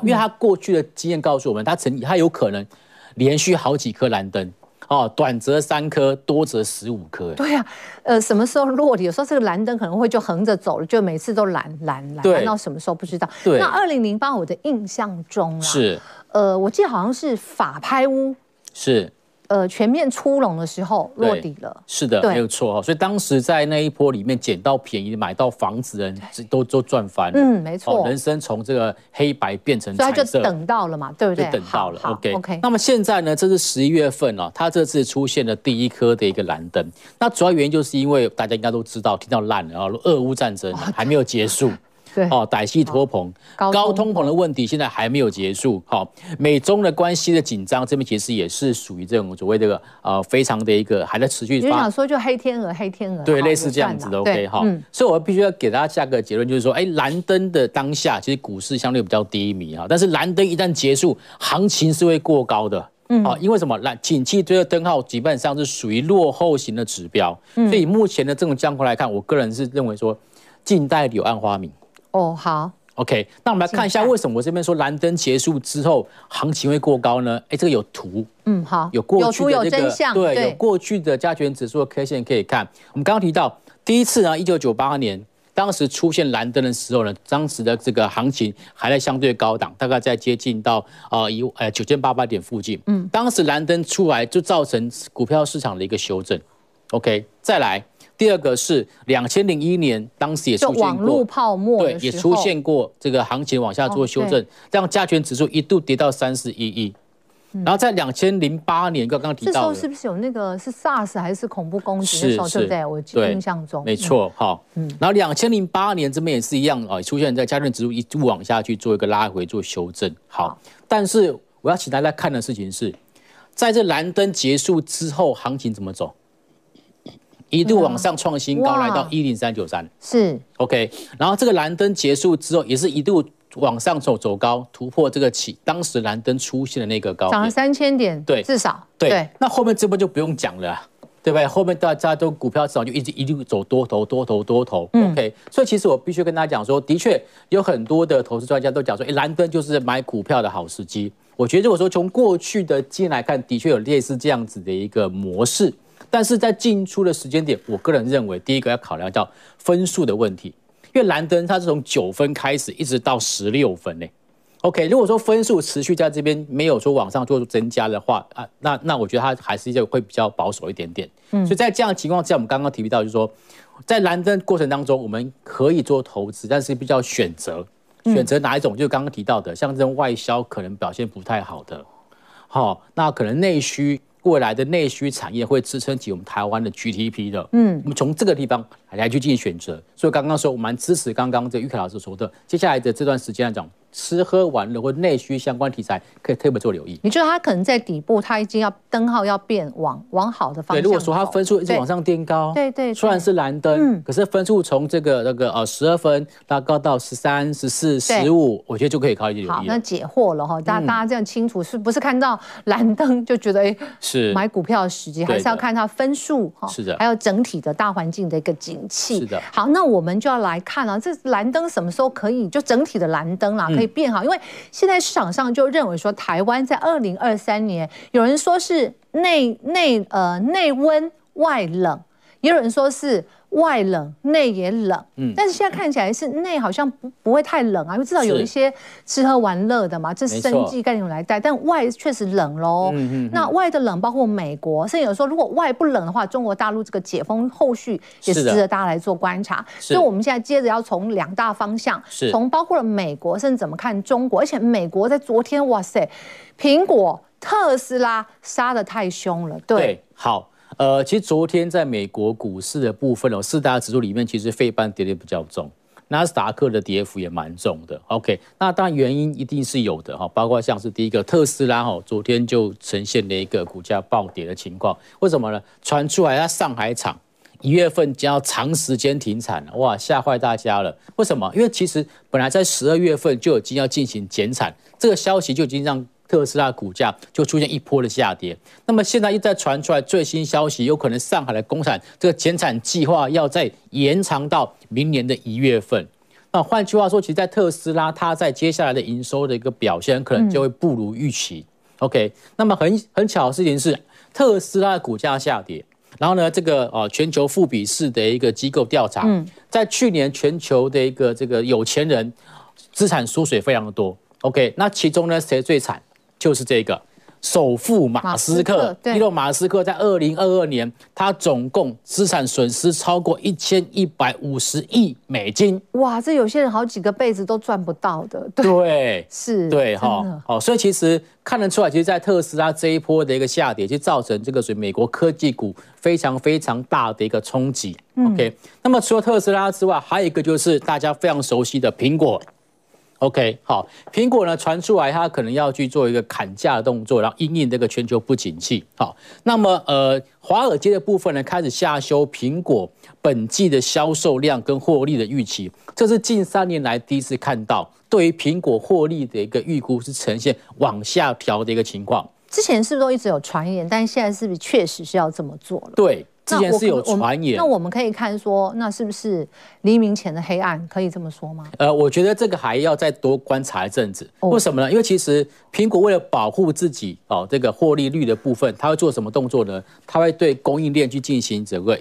Speaker 3: 因為他過去的經驗告訴我們，他曾他有可能連續好幾顆藍燈。哦，短則三顆，多則十五顆。對
Speaker 1: 啊，呃，什麼時候落地？有時候這個藍燈可能會就橫着走了，就每次都藍藍藍，藍，對，到什麼時候不知道。對，那二零零八我的印象中啊，是呃，我記得好像是法拍屋，是。呃，全面出籠的時候落底了，是的，沒有
Speaker 3: 錯哈、哦。所以當時在那一波裡面撿到便宜買到房子人，都都賺翻了嗯，沒錯、哦，人生從這個黑白變成彩色。所以他就等
Speaker 1: 到了嘛，對不對？就等
Speaker 3: 到了。OK, OK 那麼現在呢，這是十一月份了、哦，他這次出現了第一顆的一個藍燈。嗯、那主要原因就是因為大家應該都知道，聽到爛了啊、哦，俄烏戰爭還沒有結束。 對，哦，歹戲拖棚高，高通膨的問題現在還沒有結束。好、哦，美中的關係的緊張，這邊其實也是屬於這種所謂這個、呃、非常的一個還在持續發。我、就是、想
Speaker 1: 說，就黑天鵝，黑天鵝，對，類似這樣子的，OK 哈、哦嗯。
Speaker 3: 所以，我必須要給大家下個結論，就是說，哎，藍燈的當下，其實股市相對比較低迷啊，但是藍燈一旦結束，行情是會過高的。嗯，啊、哦，因為什麼藍景氣這個燈號基本上是屬於落後型的指標，嗯、所以目前的這種狀況來看，我個人是認為說，靜待柳暗花明。哦、oh，好，OK，那我們來看一下為什麼我這邊說藍燈結束之後行情會過高呢？哎、欸，這個有圖，嗯，
Speaker 1: 好，有過去的這個，有圖有真相，對，有
Speaker 3: 過去的加權指數的 K 線可以看。我們剛剛提到第一次呢，一九九八年當時出現藍燈的時候呢，當時的這個行情還在相對高檔，大概在接近到呃，一呃九千八百點附近。嗯，當時藍燈出來就造成股票市場的一個修正。OK，再來。第二個是兩千零一年，當時也出現過網絡
Speaker 1: 泡沫，對，也出現
Speaker 3: 過這個行情往下做修正，讓、哦、加權指數一度跌到三十一億。然後在兩千零八年，剛剛提到，這時
Speaker 1: 候，是不是有那個是 SARS 還是恐怖攻擊的時候，對不對？我印象中沒錯。
Speaker 3: 好、嗯，嗯、哦，然後兩千零八年這邊也是一樣啊、嗯，出現在加權指數一度往下去做一個拉回做修正好。好，但是我要請大家看的事情是，在這藍燈結束之後，行情怎麼走？一度往上創新高，來到一零三九三，是 OK。然後這個藍燈結束之後，也是一度往上走，走高，突破這個起。當時藍燈出現的那個高，漲
Speaker 1: 了三千點，對，至少對，對，對。
Speaker 3: 那後面這波就不用講了、啊，對不對、哦？後面大家都股票至少就一直一路走多頭，多頭，多頭、嗯、，OK。所以其實我必須跟大家講說，的確有很多的投資專家都講說，哎，藍燈就是買股票的好時機。我覺得如果說從過去的經驗來看，的確有類似這樣子的一個模式。但是在進出的時間點，我個人認為，第一個要考量到分數的問題，因為藍燈它是從九分開始一直到十六分呢。OK，如果說分數持續在這邊沒有說往上做出增加的話啊，那那我覺得它還是就會比較保守一點點。嗯、所以在這樣的情況之下，我們剛剛提到就是說，在藍燈過程當中，我們可以做投資，但是比較選擇選擇哪一種，嗯、就剛剛提到的，像這種外銷可能表現不太好的，好、哦，那可能內需。未來的內需產業會支撐起我們台灣的 GDP 的，嗯，我們從這個地方。來去進行選擇，所以剛剛說，我蠻支持剛剛這鈺凱老師說的，接下來的這段時間那種吃喝玩樂或內需相關題材，可以特別做留意。
Speaker 1: 你覺得它可能在底部，它已經要燈號要變往往好的方向。對，如果說它分數一直往上墊高，對對、對，雖然是藍燈，嗯、
Speaker 3: 可是分數從這個那個呃十二分，拉高到十三、十四、十五，我覺得就可以開始留意。好，那
Speaker 1: 解惑了哈，大家大家這樣清楚，是不是看到藍燈就覺得哎、嗯欸、是買股票的時機？還是要看它分數哈，是的，還有整體的大環境的一個景。是的，好，那我們就要來看了，啊，這藍燈什麼時候可以就整體的藍燈啦，可以變好？嗯、因為現在市場上就認為說，台灣在二零二三年，有人說是內內呃內溫外冷，也有人說是。外冷內也冷，嗯，但是現在看起來是內好像不不會太冷啊，因為至少有一些吃喝玩樂的嘛，這是生技概念來帶。但外確實冷嘍，嗯，那外的冷包括美國，甚至有說如果外不冷的話，中國大陸這個解封後續也是值得大家來做觀察。所以我們現在接着要從兩大方向，從包括了美國，甚至怎麼看中國，而且美國在昨天，哇塞，蘋果、特斯拉殺得太兇了對，
Speaker 3: 對，好。呃，其實昨天在美國股市的部分哦，四大指數裡面，其實費半跌得比較重，納斯達克的跌幅也蠻重的。OK，那當然原因一定是有的哈，包括像是第一個特斯拉哈、哦，昨天就呈現了一個股價暴跌的情況，為什麼呢？傳出來它上海廠一月份將要長時間停產，哇，嚇壞大家了。為什麼？因為其實本來在十二月份就已經要進行減產，這個消息就已經讓。特斯拉的股價就出現一波的下跌。那麼現在又在傳出來最新消息，有可能上海的工廠這個減產計劃要再延長到明年的一月份。那換句話說，其實，在特斯拉，它在接下來的營收的一個表現，可能就會不如預期，嗯。OK，那麼很很巧的事情是，特斯拉的股價下跌，然後呢，這個呃，全球富比士的一個機構調查，在去年全球的一個這個有錢人資產縮水非常的多。OK，那其中呢，誰最慘？就是這個首富馬
Speaker 1: 斯克，對，伊
Speaker 3: 隆馬斯克在二零二二年，他總共資產損失超過一千一百五十億美金。
Speaker 1: 哇，這有些人好幾個輩子都賺不到的。
Speaker 3: 對，是，嗯、對哈，好，所以其實看得出來，其實，在特斯拉這一波的一個下跌，就造成這個所美國科技股非常非常大的一個衝擊。OK，那麼除了特斯拉之外，還有一個就是大家非常熟悉的蘋果。OK，好，蘋果呢，傳出來，它可能要去做一個砍價的動作，然後因應這個全球不景氣。好，那麼呃，華爾街的部分呢，開始下修蘋果本季的銷售量跟獲利的預期，這是近三年來第一次看到對於蘋果獲利的一個預估是呈現往下調的一個情況。
Speaker 1: 之前是不是都一直有傳言，但現在是不是確實是要這麼做了？對。之前是有傳言那，那我們可以看說，那是不是黎明前的黑暗？可以這麼說嗎？
Speaker 3: 呃，我覺得這個還要再多觀察一陣子。為什麼呢？因為其實蘋果為了保護自己哦，這個獲利率的部分，它會做什麼動作呢？它會對供應鏈去進行這個。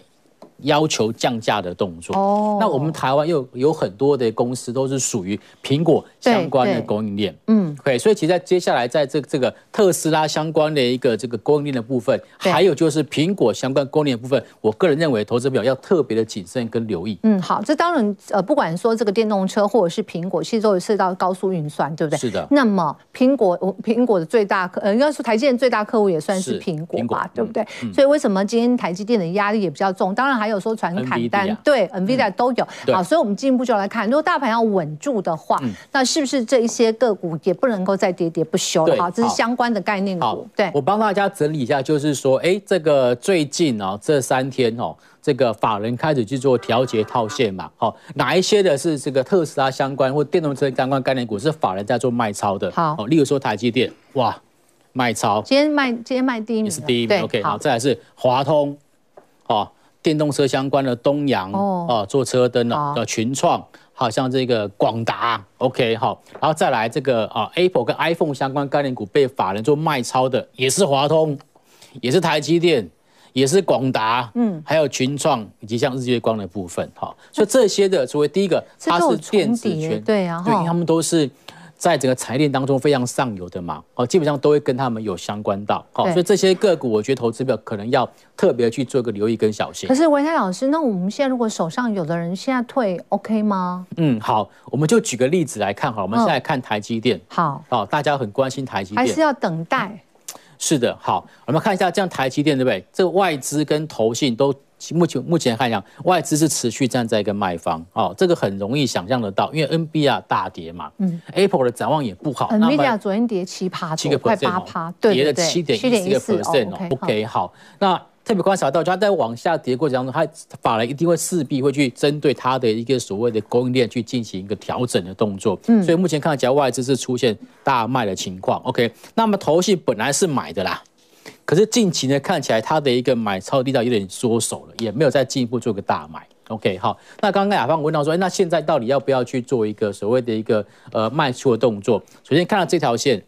Speaker 3: 要求降價的動作哦，oh, 那我們台灣又有，有很多的公司都是屬於蘋果相關的供應鏈，嗯對。所以其實在接下來在這個、這個特斯拉相關的一個這個供應鏈的部分，啊，還有就是蘋果相關供應鏈的部分，我個人認為投資表要特別的謹慎跟留意。嗯，
Speaker 1: 好，這當然呃，不管說這個電動車或者是蘋果，其實都涉及到高速運算，對不對？是的。那麼蘋果，蘋果的最大客，呃，應該說台積電最大客戶也算是蘋果吧果，對不對、嗯嗯？所以為什麼今天台積電的壓力也比較重？當然還有有說傳砍單，對，對、嗯、，Nvidia 都有、嗯，好，所以，我們進一步就來看，如果大盤要穩住的話，嗯、那是不是這一些個股也不能夠再跌跌不休了？好，這是相關的概念股。好對，好好對，我幫大
Speaker 3: 家整理一下，就是說，哎，這個最近哦，這三天哦，這個法人開始去做調節套現嘛，好、哦，哪一些的是這個特斯拉相關或電動車相關概念股是法人在做賣超的？好、哦，例如說台積電，哇，賣超，今天
Speaker 1: 賣，今天賣第一名，是第一名，OK，好，再來
Speaker 3: 是華通，好、哦。電動車相關的東陽哦、啊，做車燈的群創,好、啊創啊、像這個廣達，OK 好，然後再來這個啊 Apple 跟 iPhone 相關概念股被法人做賣超的，也是華通，也是台積電，也是廣達，嗯，還有群創以及像日月光的部分，好、嗯，所以這些的除非第一個，它是電子圈重疊，對啊，啊對，因為他們都是。在整個產業鏈當中非常上游的嘛，哦，基本上都會跟他們有相關到，好，所以這些個股我覺得投資表可能要特別去做一個留意跟小心。可是
Speaker 1: 唯泰老師，那我們現在如果手上有的人現在退，OK 嗎？
Speaker 3: 嗯，好，我們就舉個例子來看哈，我們現在看台積電、哦。好，好、哦，大家很關心台積電，還是
Speaker 1: 要等待、
Speaker 3: 嗯。是的，好，我們看一下這樣台積電對不對？這個、外資跟投信都。目前目前看一下，外資是持續站在一個賣方哦，這個很容易想象得到，因為 N B R 大跌嘛，嗯，Apple 的展望也不好，N B R
Speaker 1: 昨天跌七趴，快八趴，對，跌了七點一個 percent，OK
Speaker 3: 好，那特別觀察到，它在往下跌過程當中，它法人一定會勢必會去針對它的一個所謂的供應鏈去進行一個調整的動作，嗯，所以目前看，只要外資是出現大賣的情況，OK，那麼投信本來是買的啦。可是近期呢，看起來它的一個買超力道有點縮手了，也沒有再進一步做個大買。OK，好，那剛剛雅芳問到說，誒，那現在到底要不要去做一個所謂的一個呃賣出的動作？首先看到這條線。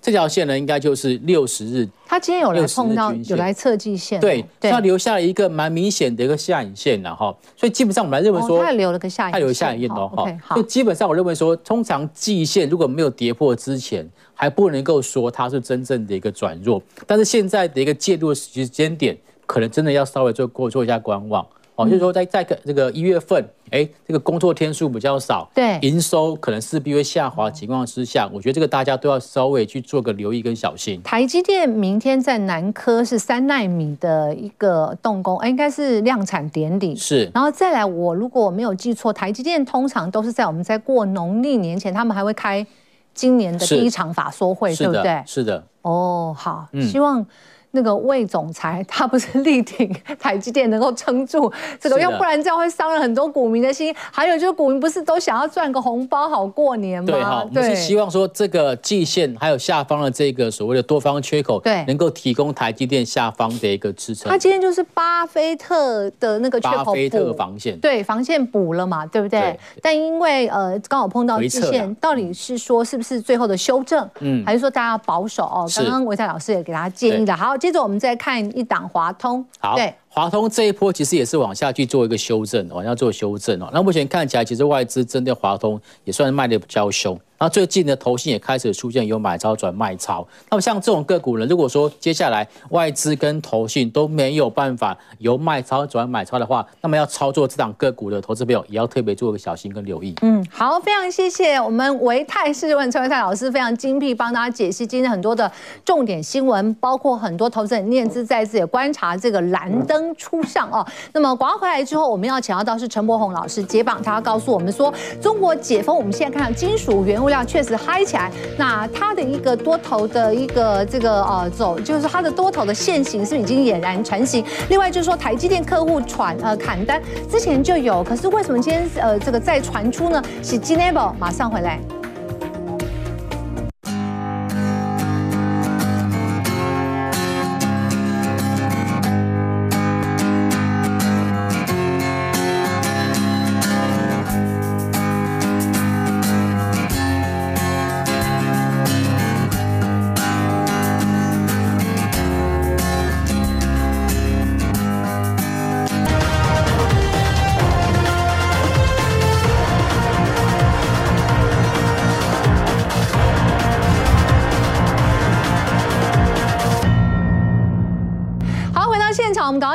Speaker 3: 這條線呢，應該就是六十日 ,60 日。
Speaker 1: 它今天有來碰到，有來測季線。對，
Speaker 3: 它留下了一個蠻明顯的一個下影線了哈、哦。所以基本上我們來認為說，它、哦、留
Speaker 1: 了個下影，它留
Speaker 3: 下影線哦。好，就、哦 okay, 基本上我認為說，通常季線如果沒有跌破之前，還不能夠說它是真正的一個轉弱。但是現在的一個介入的時間點，可能真的要稍微做過做一下觀望。好、哦、就是說，在在這個一月份，哎、欸，這個工作天數比較少，對，營收可能勢必會下滑情況之下，我覺得這個大家都要稍微去做個留意跟小心。
Speaker 1: 台積電明天在南科是三奈米的一個動工，哎、欸，應該是量產典禮。是，然後再來，我如果沒有記錯，台積電通常都是在我們在過農曆年前，他們還會開今年的第一場法說會，是是是，對不對？是的。哦、oh，好、嗯，希望。那個魏總裁，他不是力挺台積電能夠撐住這個，要不然這樣會傷了很多股民的心。還有就是股民不是都想要賺個紅包好過年嗎？對好？對哈，我是希
Speaker 3: 望說這個季線還有下方的這個所謂的多方缺口，對，能夠提供台積電下方的一個支撐。它今
Speaker 1: 天就是巴菲特的那個缺口補，巴菲特防線，對，防線補了嘛，對不對？對對，但因為呃剛好碰到季線，到底是說是不是最後的修正，嗯，還是說大家保守？哦，剛剛唯泰老師也給大家建議的，接着我們再看一檔華通，
Speaker 3: 好，對。華通這一波其實也是往下去做一個修正，往下做修正哦、喔。那目前看起來，其實外資針對華通也算是賣得比較兇。那最近的投信也開始也出現由買超轉賣超。那麼像這種個股呢，如果說接下來外資跟投信都沒有辦法由賣超轉買超的話，那麼要操作這檔個股的投資朋友也要特別做一個小心跟留意。嗯，
Speaker 1: 好，非常謝謝我們維泰世問陳唯泰老師非常精闢，幫大家解析今天很多的重點新聞，包括很多投資人念茲在茲也觀察這個藍燈。燈出上啊、哦，那麼廣告回來之後，我們要請教到的是陳柏宏老師解綁，他告訴我們說，中國解封，我們現在看到金屬原物料確實嗨起來，那他的一個多頭的一個這個呃走，就是他的多頭的線型是不是已經儼然成型？另外就是說，台積電客戶傳呃砍單之前就有，可是為什麼今天呃這個再傳出呢？是 G n o 馬上回來。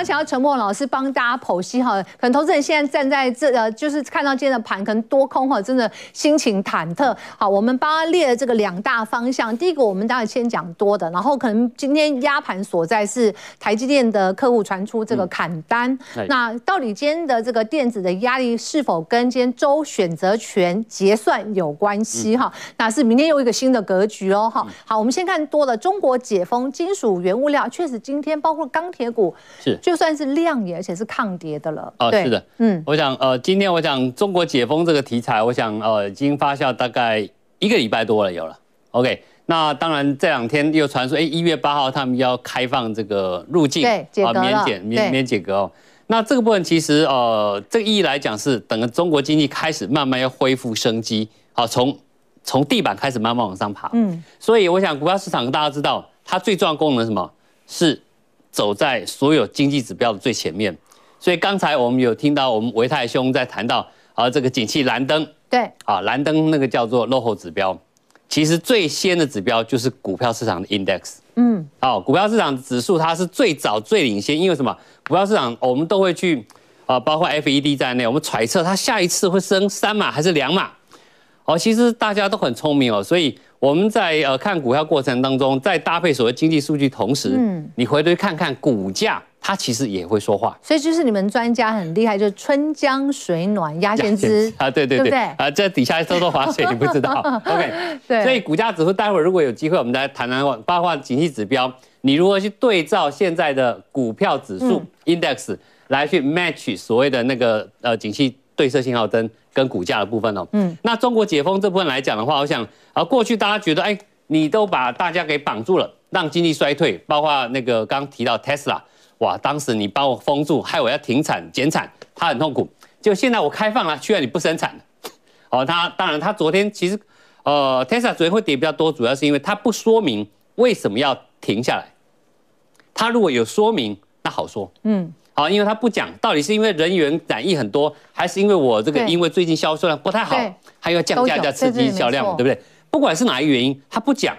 Speaker 1: 想要陳柏宏老師幫大家剖析哈，可能投資人現在站在這呃、個，就是看到今天的盤，可能多空哈，真的心情忐忑。好，我們幫他列了這個兩大方向。第一個，我們當然先講多的，然後可能今天壓盤所在是台積電的客戶傳出這個砍單、嗯。那到底今天的這個電子的壓力是否跟今天周選擇權結算有關係哈、嗯？那是明天又一個新的格局哦哈。好，我們先看多的，中國解封金屬原物料，確實今天包括鋼鐵股是。就算是量也，而且是抗跌的了。哦、呃，是的，
Speaker 4: 嗯，我想，呃，今天我想中國解封這個題材，我想，呃，已經發酵大概一個禮拜多了，有了。OK，那當然這兩天又傳說，哎、欸，一月八號他們要開放這個入境，對，免檢免免解，免免免解哦，那這個部分其實，呃，這個意義來講是等中國經濟開始慢慢要恢復生機，好、呃，從從地板開始慢慢往上爬。嗯，所以我想股票市場大家知道，它最重要的功能是什麼？是。走在所有經濟指標的最前面，所以剛才我們有聽到我們唯泰兄在談到，啊，這個景氣藍燈，對，啊，藍燈那個叫做落後指標，其實最先的指標就是股票市場的 index，嗯，好，股票市場指數它是最早最領先，因為什麼？股票市場我們都會去，啊，包括 FED 在內，我們揣測它下一次會升三碼還是兩碼，哦，其實大家都很聰明哦，所以。我們在呃看股票過程當中，在搭配所謂經濟數據同時，嗯，你回頭看看股價，它其實也會說話。
Speaker 1: 所以就是你們專家很厲害，就是春江水暖鴨先知啊，對對對，對對
Speaker 4: 啊，這底下偷多划水，你不知道。 OK，對。所以股價指數，待會兒如果有機會，我們來談談，包括景氣指標，你如何去對照現在的股票指數、嗯、index 來去 match 所謂的那個呃景氣。景氣對策信號燈跟股價的部分哦、喔，嗯，那中國解封這部分來講的話，我想啊，過去大家覺得，哎，你都把大家給綁住了，讓經濟衰退，包括那個剛提到 Tesla 哇，當時你把我封住，害我要停產減產，他很痛苦。就現在我開放了，居然你不生產了，哦，他當然，他昨天其實，呃，Tesla 昨天會跌比較多，主要是因為他不說明為什麼要停下來，他如果有說明，那好說，嗯。好，因為他不講到底是因為人員染疫很多，還是因為我這個因為最近銷售量不太好，有還要降價加刺激銷量。對對對，對不對？不管是哪一原因，他不講，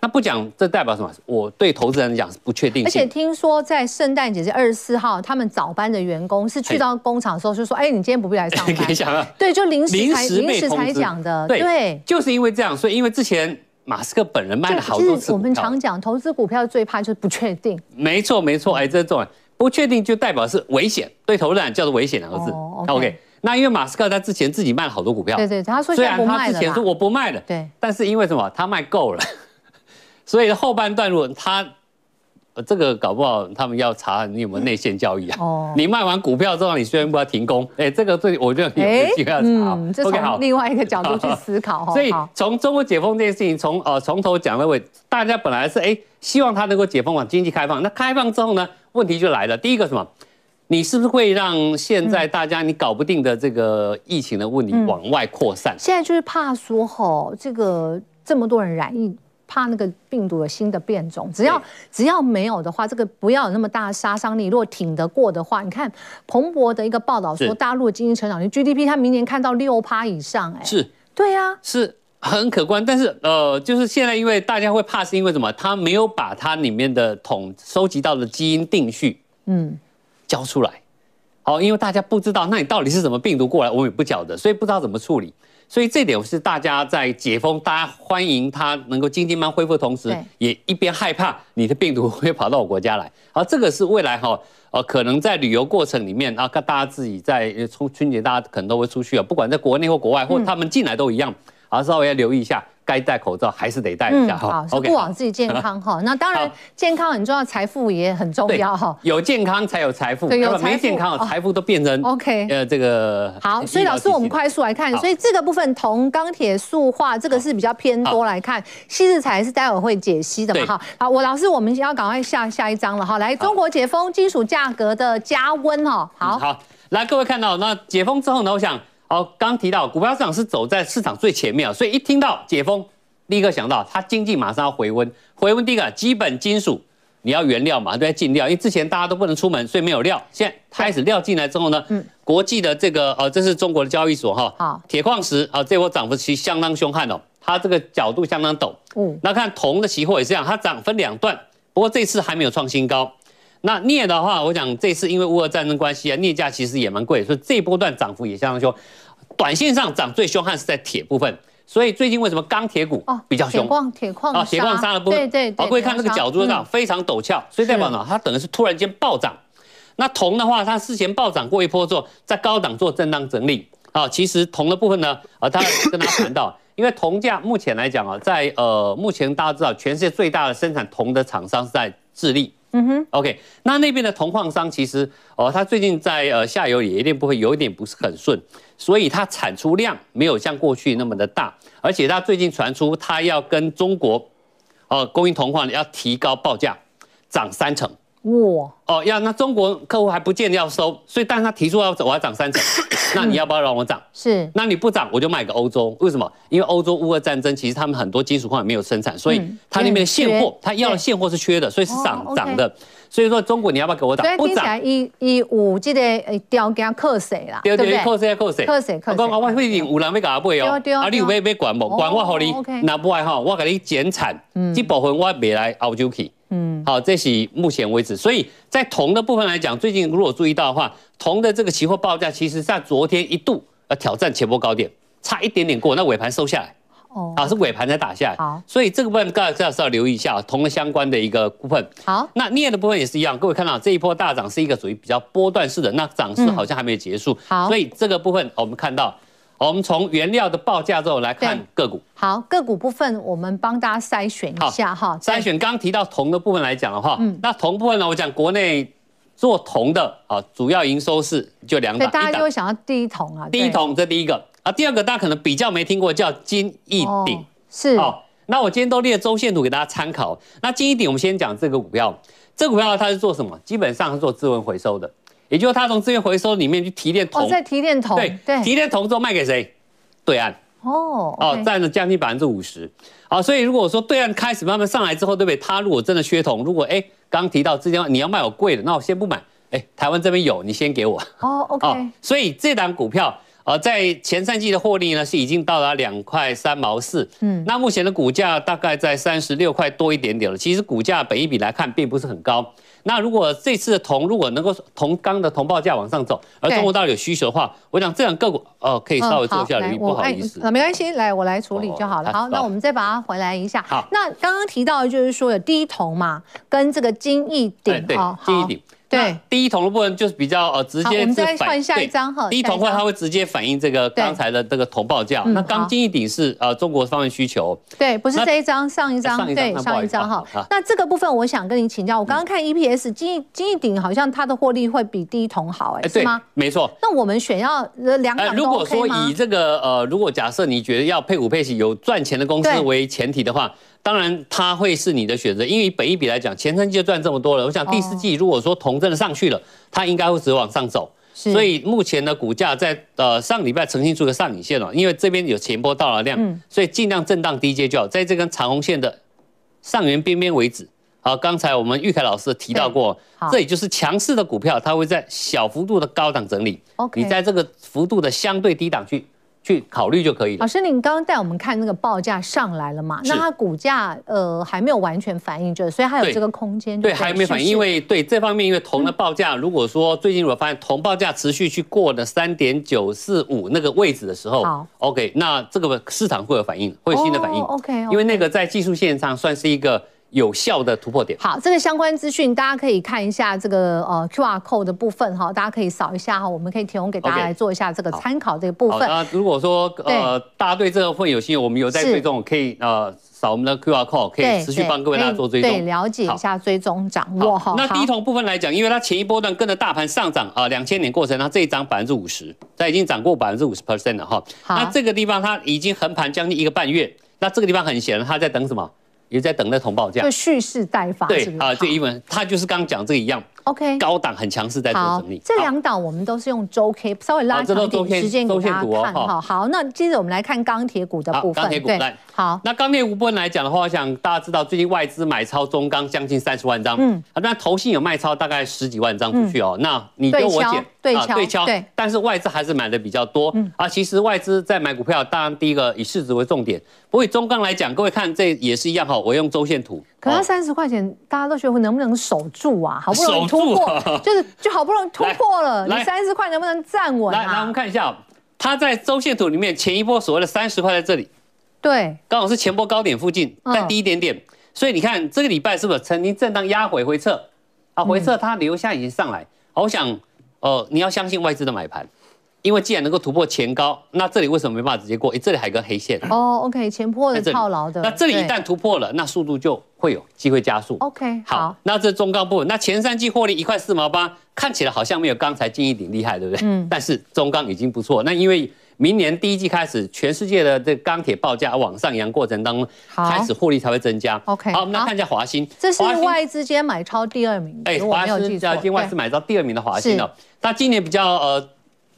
Speaker 4: 那不講，這代表什麼？我對投資人講是不確定的。而且
Speaker 1: 聽說在聖誕節這二十四號，他們早班的員工是去到工廠的時候就說：“哎、欸欸，你今天不必來上
Speaker 4: 班。欸”對，就臨時臨時才講的對，對，就是因為這樣，所以因為之前馬斯克本人賣了好多次。就是、我們常
Speaker 1: 講投資股票最怕就是不確定。
Speaker 4: 沒錯沒錯，哎、欸，這種。不確定就代表是危險，對投資人叫做危險兩個字、oh, okay。那 OK，那因為馬斯克他之前自己賣了好多股票，對對，他雖然他之前說我不賣了，對，但是因為什麼，他賣夠了， 所以後半段路他。這個搞不好他們要查你有沒有內線交易啊？哦，你賣完股票之後，你宣布要停工，哎，這個對我就有個機會要查。OK，、嗯、好，另
Speaker 1: 外一個角度去思考、哦、所以
Speaker 4: 從中國解封這件事情從，從、哦、呃從頭講到尾、哦，大家本來是哎希望它能夠解封往經濟開放，那開放之後呢，問題就來了。第一個什麼？你是不是會讓現在大家你搞不定的這個疫情的問題往外擴散？嗯嗯、現
Speaker 1: 在就是怕說哈、哦，這個這麼多人染疫。怕那個病毒有新的變種，只要只要沒有的話，這個不要有那麼大的殺傷力。如果挺得過的話，你看彭博的一個報道說，大陸的經濟成長率 GDP，它明年看到六趴以上，欸，哎，是，對啊，
Speaker 4: 是很可觀。但是呃，就是現在因為大家會怕，是因為什麼？他沒有把他裡面的桶收集到的基因定序，嗯，交出來。嗯好，因為大家不知道，那你到底是什麼病毒過來，我也不曉得，所以不知道怎麼處理。所以這點是大家在解封，大家歡迎他能夠漸漸慢恢復，的同時也一邊害怕你的病毒會跑到我國家來。好，這個是未來哈，呃，可能在旅遊過程裡面啊，大家自己在春春節大家可能都會出去啊，不管在國內或國外，或他們進來都一樣，好、嗯，稍微要留意一下。該戴口罩還是得戴一下哈，嗯、保護好自己健康
Speaker 1: 哈。OK。那當然，健康很重要，財富也很重要哈。
Speaker 4: 有健康才有財富，對，有財富，沒健康，哦，財富都變成 OK。呃，這個好。所以老師，
Speaker 1: 我們快速來看，所以這個部分銅、鋼鐵、塑化這個是比較偏多來看。西日材是待會會解析的嘛哈。好，我老師，我們要趕快下下一章了哈。來好，中國解封，金屬價格的加溫哈。好、嗯，好，
Speaker 4: 來各位看到那解封之後呢，我想。好、哦，剛，剛提到股票市場是走在市場最前面啊，所以一聽到解封，立刻想到它經濟馬上要回溫。回溫第一個基本金屬，你要原料嘛，都要進料。因為之前大家都不能出門，所以沒有料。現在開始料進來之後呢，嗯，國際的這個，哦、呃，這是中國的交易所哈、哦，鐵礦石啊、呃，這波漲幅其實相當兇悍哦，它這個角度相當陡，嗯，那看銅的期貨也是這樣，它漲分兩段，不過這次還沒有創新高。那鎳的話，我想這次因為烏俄戰爭關係啊，鎳價其實也蠻貴，所以這一波段漲幅也相當凶。短線上漲最凶悍是在鐵部分，所以最近為什麼鋼鐵股比較凶？
Speaker 1: 鐵礦、鐵礦砂的部分。對對對，對。哦、各位看這個角度上，嗯，
Speaker 4: 非常陡峭，所以代表呢，它等於是突然間暴漲。那銅的話，它事前暴漲過一波之後，在高檔做震盪整理。啊，其實銅的部分呢，呃它它，啊，當然跟大家談到，因為銅價目前來講啊，在呃，目前大家知道，全世界最大的生產銅的廠商是在智利。嗯哼，OK，那那邊的銅礦商其實哦、呃，他最近在呃下游也一定不會有一點不是很順，所以它產出量沒有像過去那麼的大，而且它最近傳出它要跟中國呃供應銅礦要提高報價，漲三成。哦，要那中國客戶還不見得要收，所以但他提出要走，我要漲三成， 那你要不要讓我漲，嗯？是，那你不漲我就賣給歐洲。為什麼？因為歐洲烏俄戰爭，其實他們很多金屬礦也沒有生產，所以它那邊現貨，他，嗯，要的現貨是缺的，所以是漲漲，哦 okay，的。所以說中國你要不要給我漲，哦 okay？不漲，
Speaker 1: 因因有這個誒，條件扣稅啦，對不對？扣稅扣稅扣稅扣稅。
Speaker 4: 我克，啊，對對對我規定五人要搞阿伯哦，阿，啊，你有咩咩管我管我好哩，那不然哈，我給你減，哦 okay，產，嗯，這部分我未來歐洲去。嗯，好，這是目前為止。所以在銅的部分來講，最近如果注意到的話，銅的這個期貨報價，其實在昨天一度呃挑戰前波高點，差一點點過，那尾盤收下來。哦，啊，是尾盤才打下來。好，所以這個部分各位還是要留意一下銅的相關的一個部分。好，那鎳的部分也是一樣，各位看到這一波大漲是一個屬於比較波段式的，那漲勢好像還沒有結束，嗯。所以這個部分我們看到。我們從原料的報價之後來看個股。
Speaker 1: 好，個股部分我們幫大家篩選一下哈。
Speaker 4: 篩選剛剛提到銅的部分來講的話，嗯，那銅部分呢，我講國內做銅的啊，主要營收是就兩
Speaker 1: 檔。大家就會想到第一銅啊。第一銅，
Speaker 4: 這第一個啊，第二個大家可能比較沒聽過，叫金益鼎，哦、是好、哦，那我今天都列了週線圖給大家參考。那金益鼎，我們先講這個股票，這個股票它是做什麼？基本上是做資源回收的。也就是他從資源回收裡面去提煉銅，哦，再
Speaker 1: 提煉銅，對，
Speaker 4: 提煉銅之後賣給誰？對岸，哦、
Speaker 1: oh,
Speaker 4: 哦、okay.，佔了將近百分之五十。好、啊，所以如果說對岸開始慢慢上來之後，對不對？他如果真的缺銅，如果哎，剛、欸、提到之前你要賣我貴的，那我先不買。哎、欸，台灣這邊有，你先給我。哦、
Speaker 1: oh,，OK、啊。
Speaker 4: 所以這檔股票啊、呃，在前三季的獲利呢，是已經到達兩塊三毛四。嗯，那目前的股價大概在三十六塊多一點點了。其實股價本益比來看，並不是很高。那如果這次的銅如果能夠，銅鋼的銅報價往上走，而中國大陸有需求的話，我想這兩個股哦可以稍微做一下。嗯，不好意思，那
Speaker 1: 沒關係，來我來處理就好了。哦好好。好，那我們再把它回來一下。哦、好，那剛剛提到的就是說有第一銅嘛，跟這個金一鼎
Speaker 4: 啊，金一對，第一銅的部分就是比較呃直接反映，我們再換下一張哈。第一銅會它會直接反映這個剛才的這個銅報價。那剛金益鼎是、嗯、呃中國方面需求。
Speaker 1: 對，不是這一張，上一張，上一張，上一張哈、啊。那這個部分我想跟你請教，我剛剛看 EPS 金、嗯、金益鼎好像它的獲利會比第一銅好哎、欸，是嗎？沒錯。那我們選要兩兩都、OK 呃、如果說以
Speaker 4: 這個呃，如果假設你覺得要配股配息有賺錢的公司為前提的話。當然，它會是你的選擇，因為以北一比來講，前三季就賺這麼多了，我想第四季如果說銅真的上去了、哦，它應該會直往上走。所以目前的股價在呃上禮拜呈現出個上影線了，因為這邊有前波到了量、嗯，所以儘量震盪低接就好，在這根長紅線的上緣邊邊為止。好、呃，剛才我們玉凱老師提到過，這也就是強勢的股票，它會在小幅度的高檔整理。Okay、你在這個幅度的相對低檔去。去考慮就可以。老
Speaker 1: 師，您剛剛帶我們看那個報價上來了嘛？那它股價呃還沒有完全反應，就所以還有這個空間。對，對試試還沒有反應，因
Speaker 4: 為對這方面，因為銅的報價、嗯，如果說最近我發現銅報價持續去過了三點九四五那個位置的時候，好，OK，那這個市場會有反應，會有新的反應、oh, okay,，OK，因為那個在技術線上算是一個。有效的突破點。好，這
Speaker 1: 個相關資訊大家可以看一下這個呃 QR Code 的部分哈，大家可以掃一下哈，我們可以提供給大家來做一下這個參考、okay. 參考這個部分、哦。
Speaker 4: 那、啊、如果說呃大家對這個會有興趣，我們有在追蹤可以呃掃我們的 QR Code，可以持續幫各位對大家做追蹤了
Speaker 1: 解，一下追蹤掌握好好好，那第一
Speaker 4: 桶部分來講，因為它前一波段跟着大盤上漲啊，兩、呃、千點過程，它這一漲百分之五十，它已經漲過百分之五十 percent 了哈。那這個地方它已經橫盤將近一個半月，那這個地方很顯然它在等什麼？也在等那銅報價，這樣，就
Speaker 1: 蓄勢待發是不是？
Speaker 4: 對，啊，這，英文，他就是剛講這個一樣。OK，高檔很強勢在做整
Speaker 1: 理。這兩檔我們都是用周 K，好，稍微拉長一點時間給它看哈、哦。好，那接着我們來看鋼鐵股的部分。鋼鐵股，對，來，好。那
Speaker 4: 鋼鐵股部分來講的話，我想大家知道，最近外資買超中鋼將近三十萬張。嗯，啊，那投信有賣超大概十幾萬張出去哦、嗯。那你跟我減、嗯啊，對敲，對敲。但是外資還是買的比較多、嗯。啊，其實外資在買股票，當然第一個以市值為重點。不過以中鋼來講，各位看這也是一樣哈。我用周線圖，
Speaker 1: 可能三十塊錢、哦、大家都學會能不能守住啊？好不容易。突破就是就好不容易突破了， 你三十塊能不能站穩、啊？來，來我們
Speaker 4: 看一下，它在週線圖裡面前一波所謂的三十塊在這裡，對，剛好是前波高點附近，再、哦、低一點點，所以你看這個禮拜是不是曾經震盪壓回回撤？啊，回撤它留下已經上來，好、嗯啊、我想，呃，你要相信外資的買盤。因為既然能夠突破前高，那這裡為什麼沒辦法直接過？哎、欸，這裡還有一根黑線。哦、oh,，OK，
Speaker 1: 前破的套牢的。那這裡一旦
Speaker 4: 突破了，那速度就會有機會加速。OK，好，好，那這中鋼部分，那前三季獲利一塊四毛八，看起來好像沒有剛才近一點厲害，對不對？嗯。但是中鋼已經不錯。那因為明年第一季開始，全世界的這鋼鐵報價往上揚過程當中，好開始獲利才會增加。OK，好，我們來看一下華興，這是
Speaker 1: 外資接買超第二名。哎、欸，華興接
Speaker 4: 是外資買超第二名的華興哦。那今年比較呃。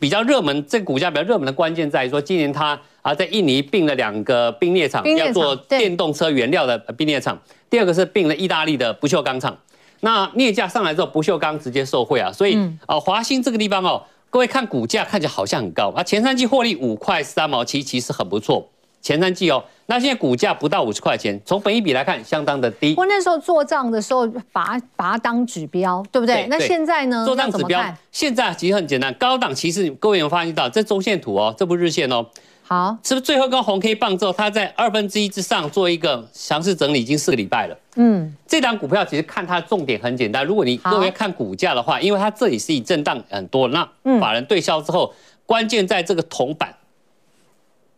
Speaker 4: 比較熱門，這個股價比較熱門的關鍵在於說，今年它啊在印尼併了兩個冰鎳廠，要做電動車原料的冰鎳廠。第二個是併了意大利的不鏽鋼廠。那鎳價上來之後，不鏽鋼直接受惠啊。所以啊，華新這個地方哦，各位看股價看起來好像很高啊，前三季獲利五塊三毛七，其實很不錯。前三季哦，那現在股價不到五十塊錢，從本益比來看相當的低。我那
Speaker 1: 時候做賬的時候，把它把它當指標，對不對？對對對那現在呢？做賬指標，
Speaker 4: 現在其實很簡單。高檔其實各位有沒有發現到，這週線圖哦，這不是日線哦，好，是不是最後一根紅 K 棒之後，它在二分之一之上做一個強勢整理，已經四個禮拜了。嗯，這檔股票其實看它的重點很簡單，如果你認為看股價的話，因為它這裡是以震盪很多，那法人對銷之後，嗯、關鍵在這個銅板。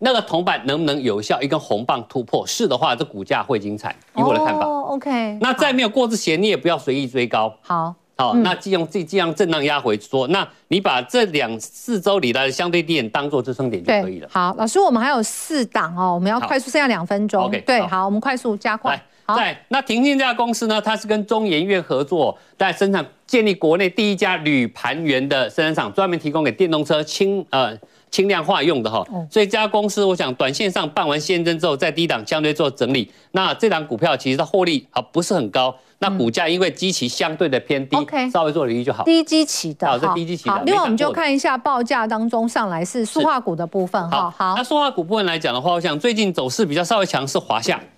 Speaker 4: 那個銅板能不能有效一根紅棒突破？是的話，這股價會精彩。以我的看法
Speaker 1: ，oh,，OK。那
Speaker 4: 在沒有過之前，你也不要隨意追高。好好，嗯，那既用這這樣震盪壓回說，那你把這兩四周裡的相對低點當做支撐點就可
Speaker 1: 以了。好，老師，我們還有四檔哦，我們要快速剩下兩分鐘。Okay, 對好，好，我們快速加快。Hi.
Speaker 4: 在那，廷靜這家公司呢，它是跟中研院合作，在生產建立國內第一家鋁盤源的生產廠，專門提供給電動車輕呃輕量化用的哈。所以這家公司，我想短線上辦完現增之後，在低檔相對做整理。那這檔股票其實它獲利啊不是很高，那股價因為基期相對的偏低，嗯、稍微做留意就好。低基期的，好在低基期的。好，另外我們就
Speaker 1: 看一下報價當中上來是塑化股的部分哈。好，
Speaker 4: 那塑化股部分來講的話，我想最近走勢比較稍微強勢，華夏。嗯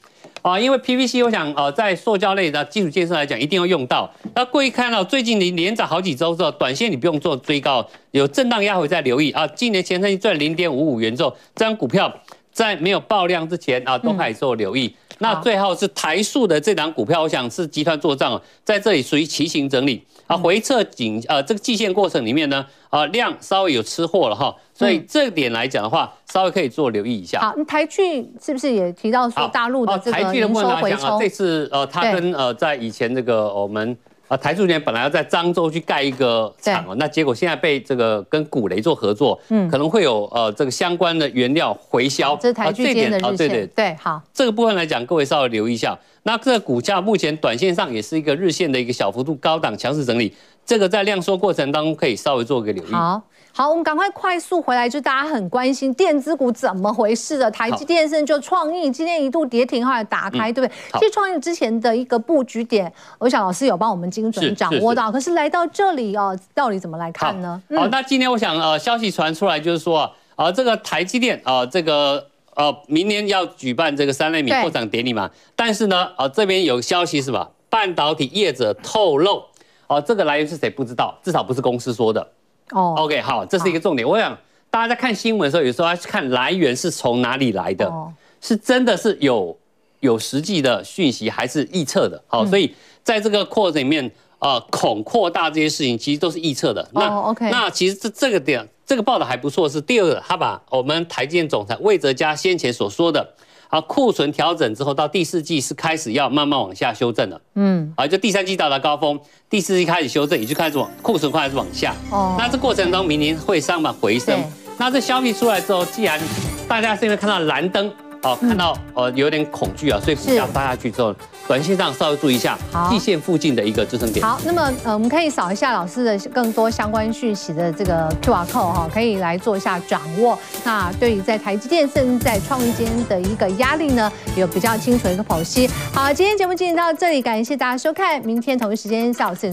Speaker 4: 啊，因為 PVC，我想啊、呃，在塑膠類的基礎建設來講，一定要用到。那過一看到最近你連漲好幾周之後，短線你不用做追高，有震盪壓回再留意啊。今年前三季賺零點五五元之後，這張股票在沒有爆量之前啊，都可以做留意、嗯。那最後是台塑的這檔股票，我想是集團做賬，在這裡屬於旗形整理。啊，回撤季，呃，這個季線過程裡面呢，啊，量稍微有吃貨了哈，所以這點來講的話、嗯，稍微可以做留意一下。好，
Speaker 1: 嗯、台積是不是也提到說大陸的這個部分來講啊，啊，這
Speaker 4: 次呃，他跟呃，在以前這個我們。呃、台塑年本來要在漳州去蓋一個廠，那結果現在被這個跟古雷做合作，嗯、可能會有呃這個相關的原料回銷，嗯，這是台塑間的日線，啊哦、對，對，對，
Speaker 1: 對，好，這個部
Speaker 4: 分來講，各位稍微留意一下。那這個股價目前短線上也是一個日線的一個小幅度高檔強勢整理，這個在量縮過程當中可以稍微做個留意。
Speaker 1: 好，我們趕快快速回來，就大家很關心電子股怎麼回事的，台積電，甚至就創意今天一度跌停，後來打開，嗯、對不對？其實創意之前的一個布局點，我想老師有幫我們精準掌握到。可是來到這裡哦，到底怎麼來看呢？好，嗯哦、
Speaker 4: 那今天我想呃，消息傳出來就是說啊、呃，這個台積電啊、呃，這個呃，明年要舉辦這個三納米擴廠典禮嘛。但是呢，啊、呃、這邊有消息是吧？半導體業者透露，啊、呃，這個來源是誰不知道，至少不是公司說的。哦、oh，OK，好，這是一個重點。Oh, 我想大家在看新聞的時候，有時候要看來源是從哪裡來的，oh, 是真的是有有實際的訊息，還是臆測的？好，所以在這個括字裡面，啊、嗯，恐、呃、擴大這些事情其實都是臆測的。Oh, okay. 那 OK，那其實這這個點，這個報道還不錯，是第二個，他把我們台積電總裁魏哲家先前所說的。啊，庫存調整之後，到第四季是開始要慢慢往下修正了。嗯，啊，就第三季到達高峰，第四季開始修正，也就開始往庫存開始往下。哦，那這過程中明年會上嗎？回升？對對，那這消息出來之後，既然大家是因為看到藍燈。好，看到呃有點恐懼啊，所以股價殺下去之後，短線上稍微注意一下地線附近的一個支撐點。好，好，
Speaker 1: 那麼呃我們可以掃一下老師的更多相關訊息的這個 QR code 哈，可以來做一下掌握。那對於在台積電甚至在創意間的一個壓力呢，有比較清楚的一個剖析。好，今天節目進行到這裡，感謝大家收看，明天同一時間下午四點。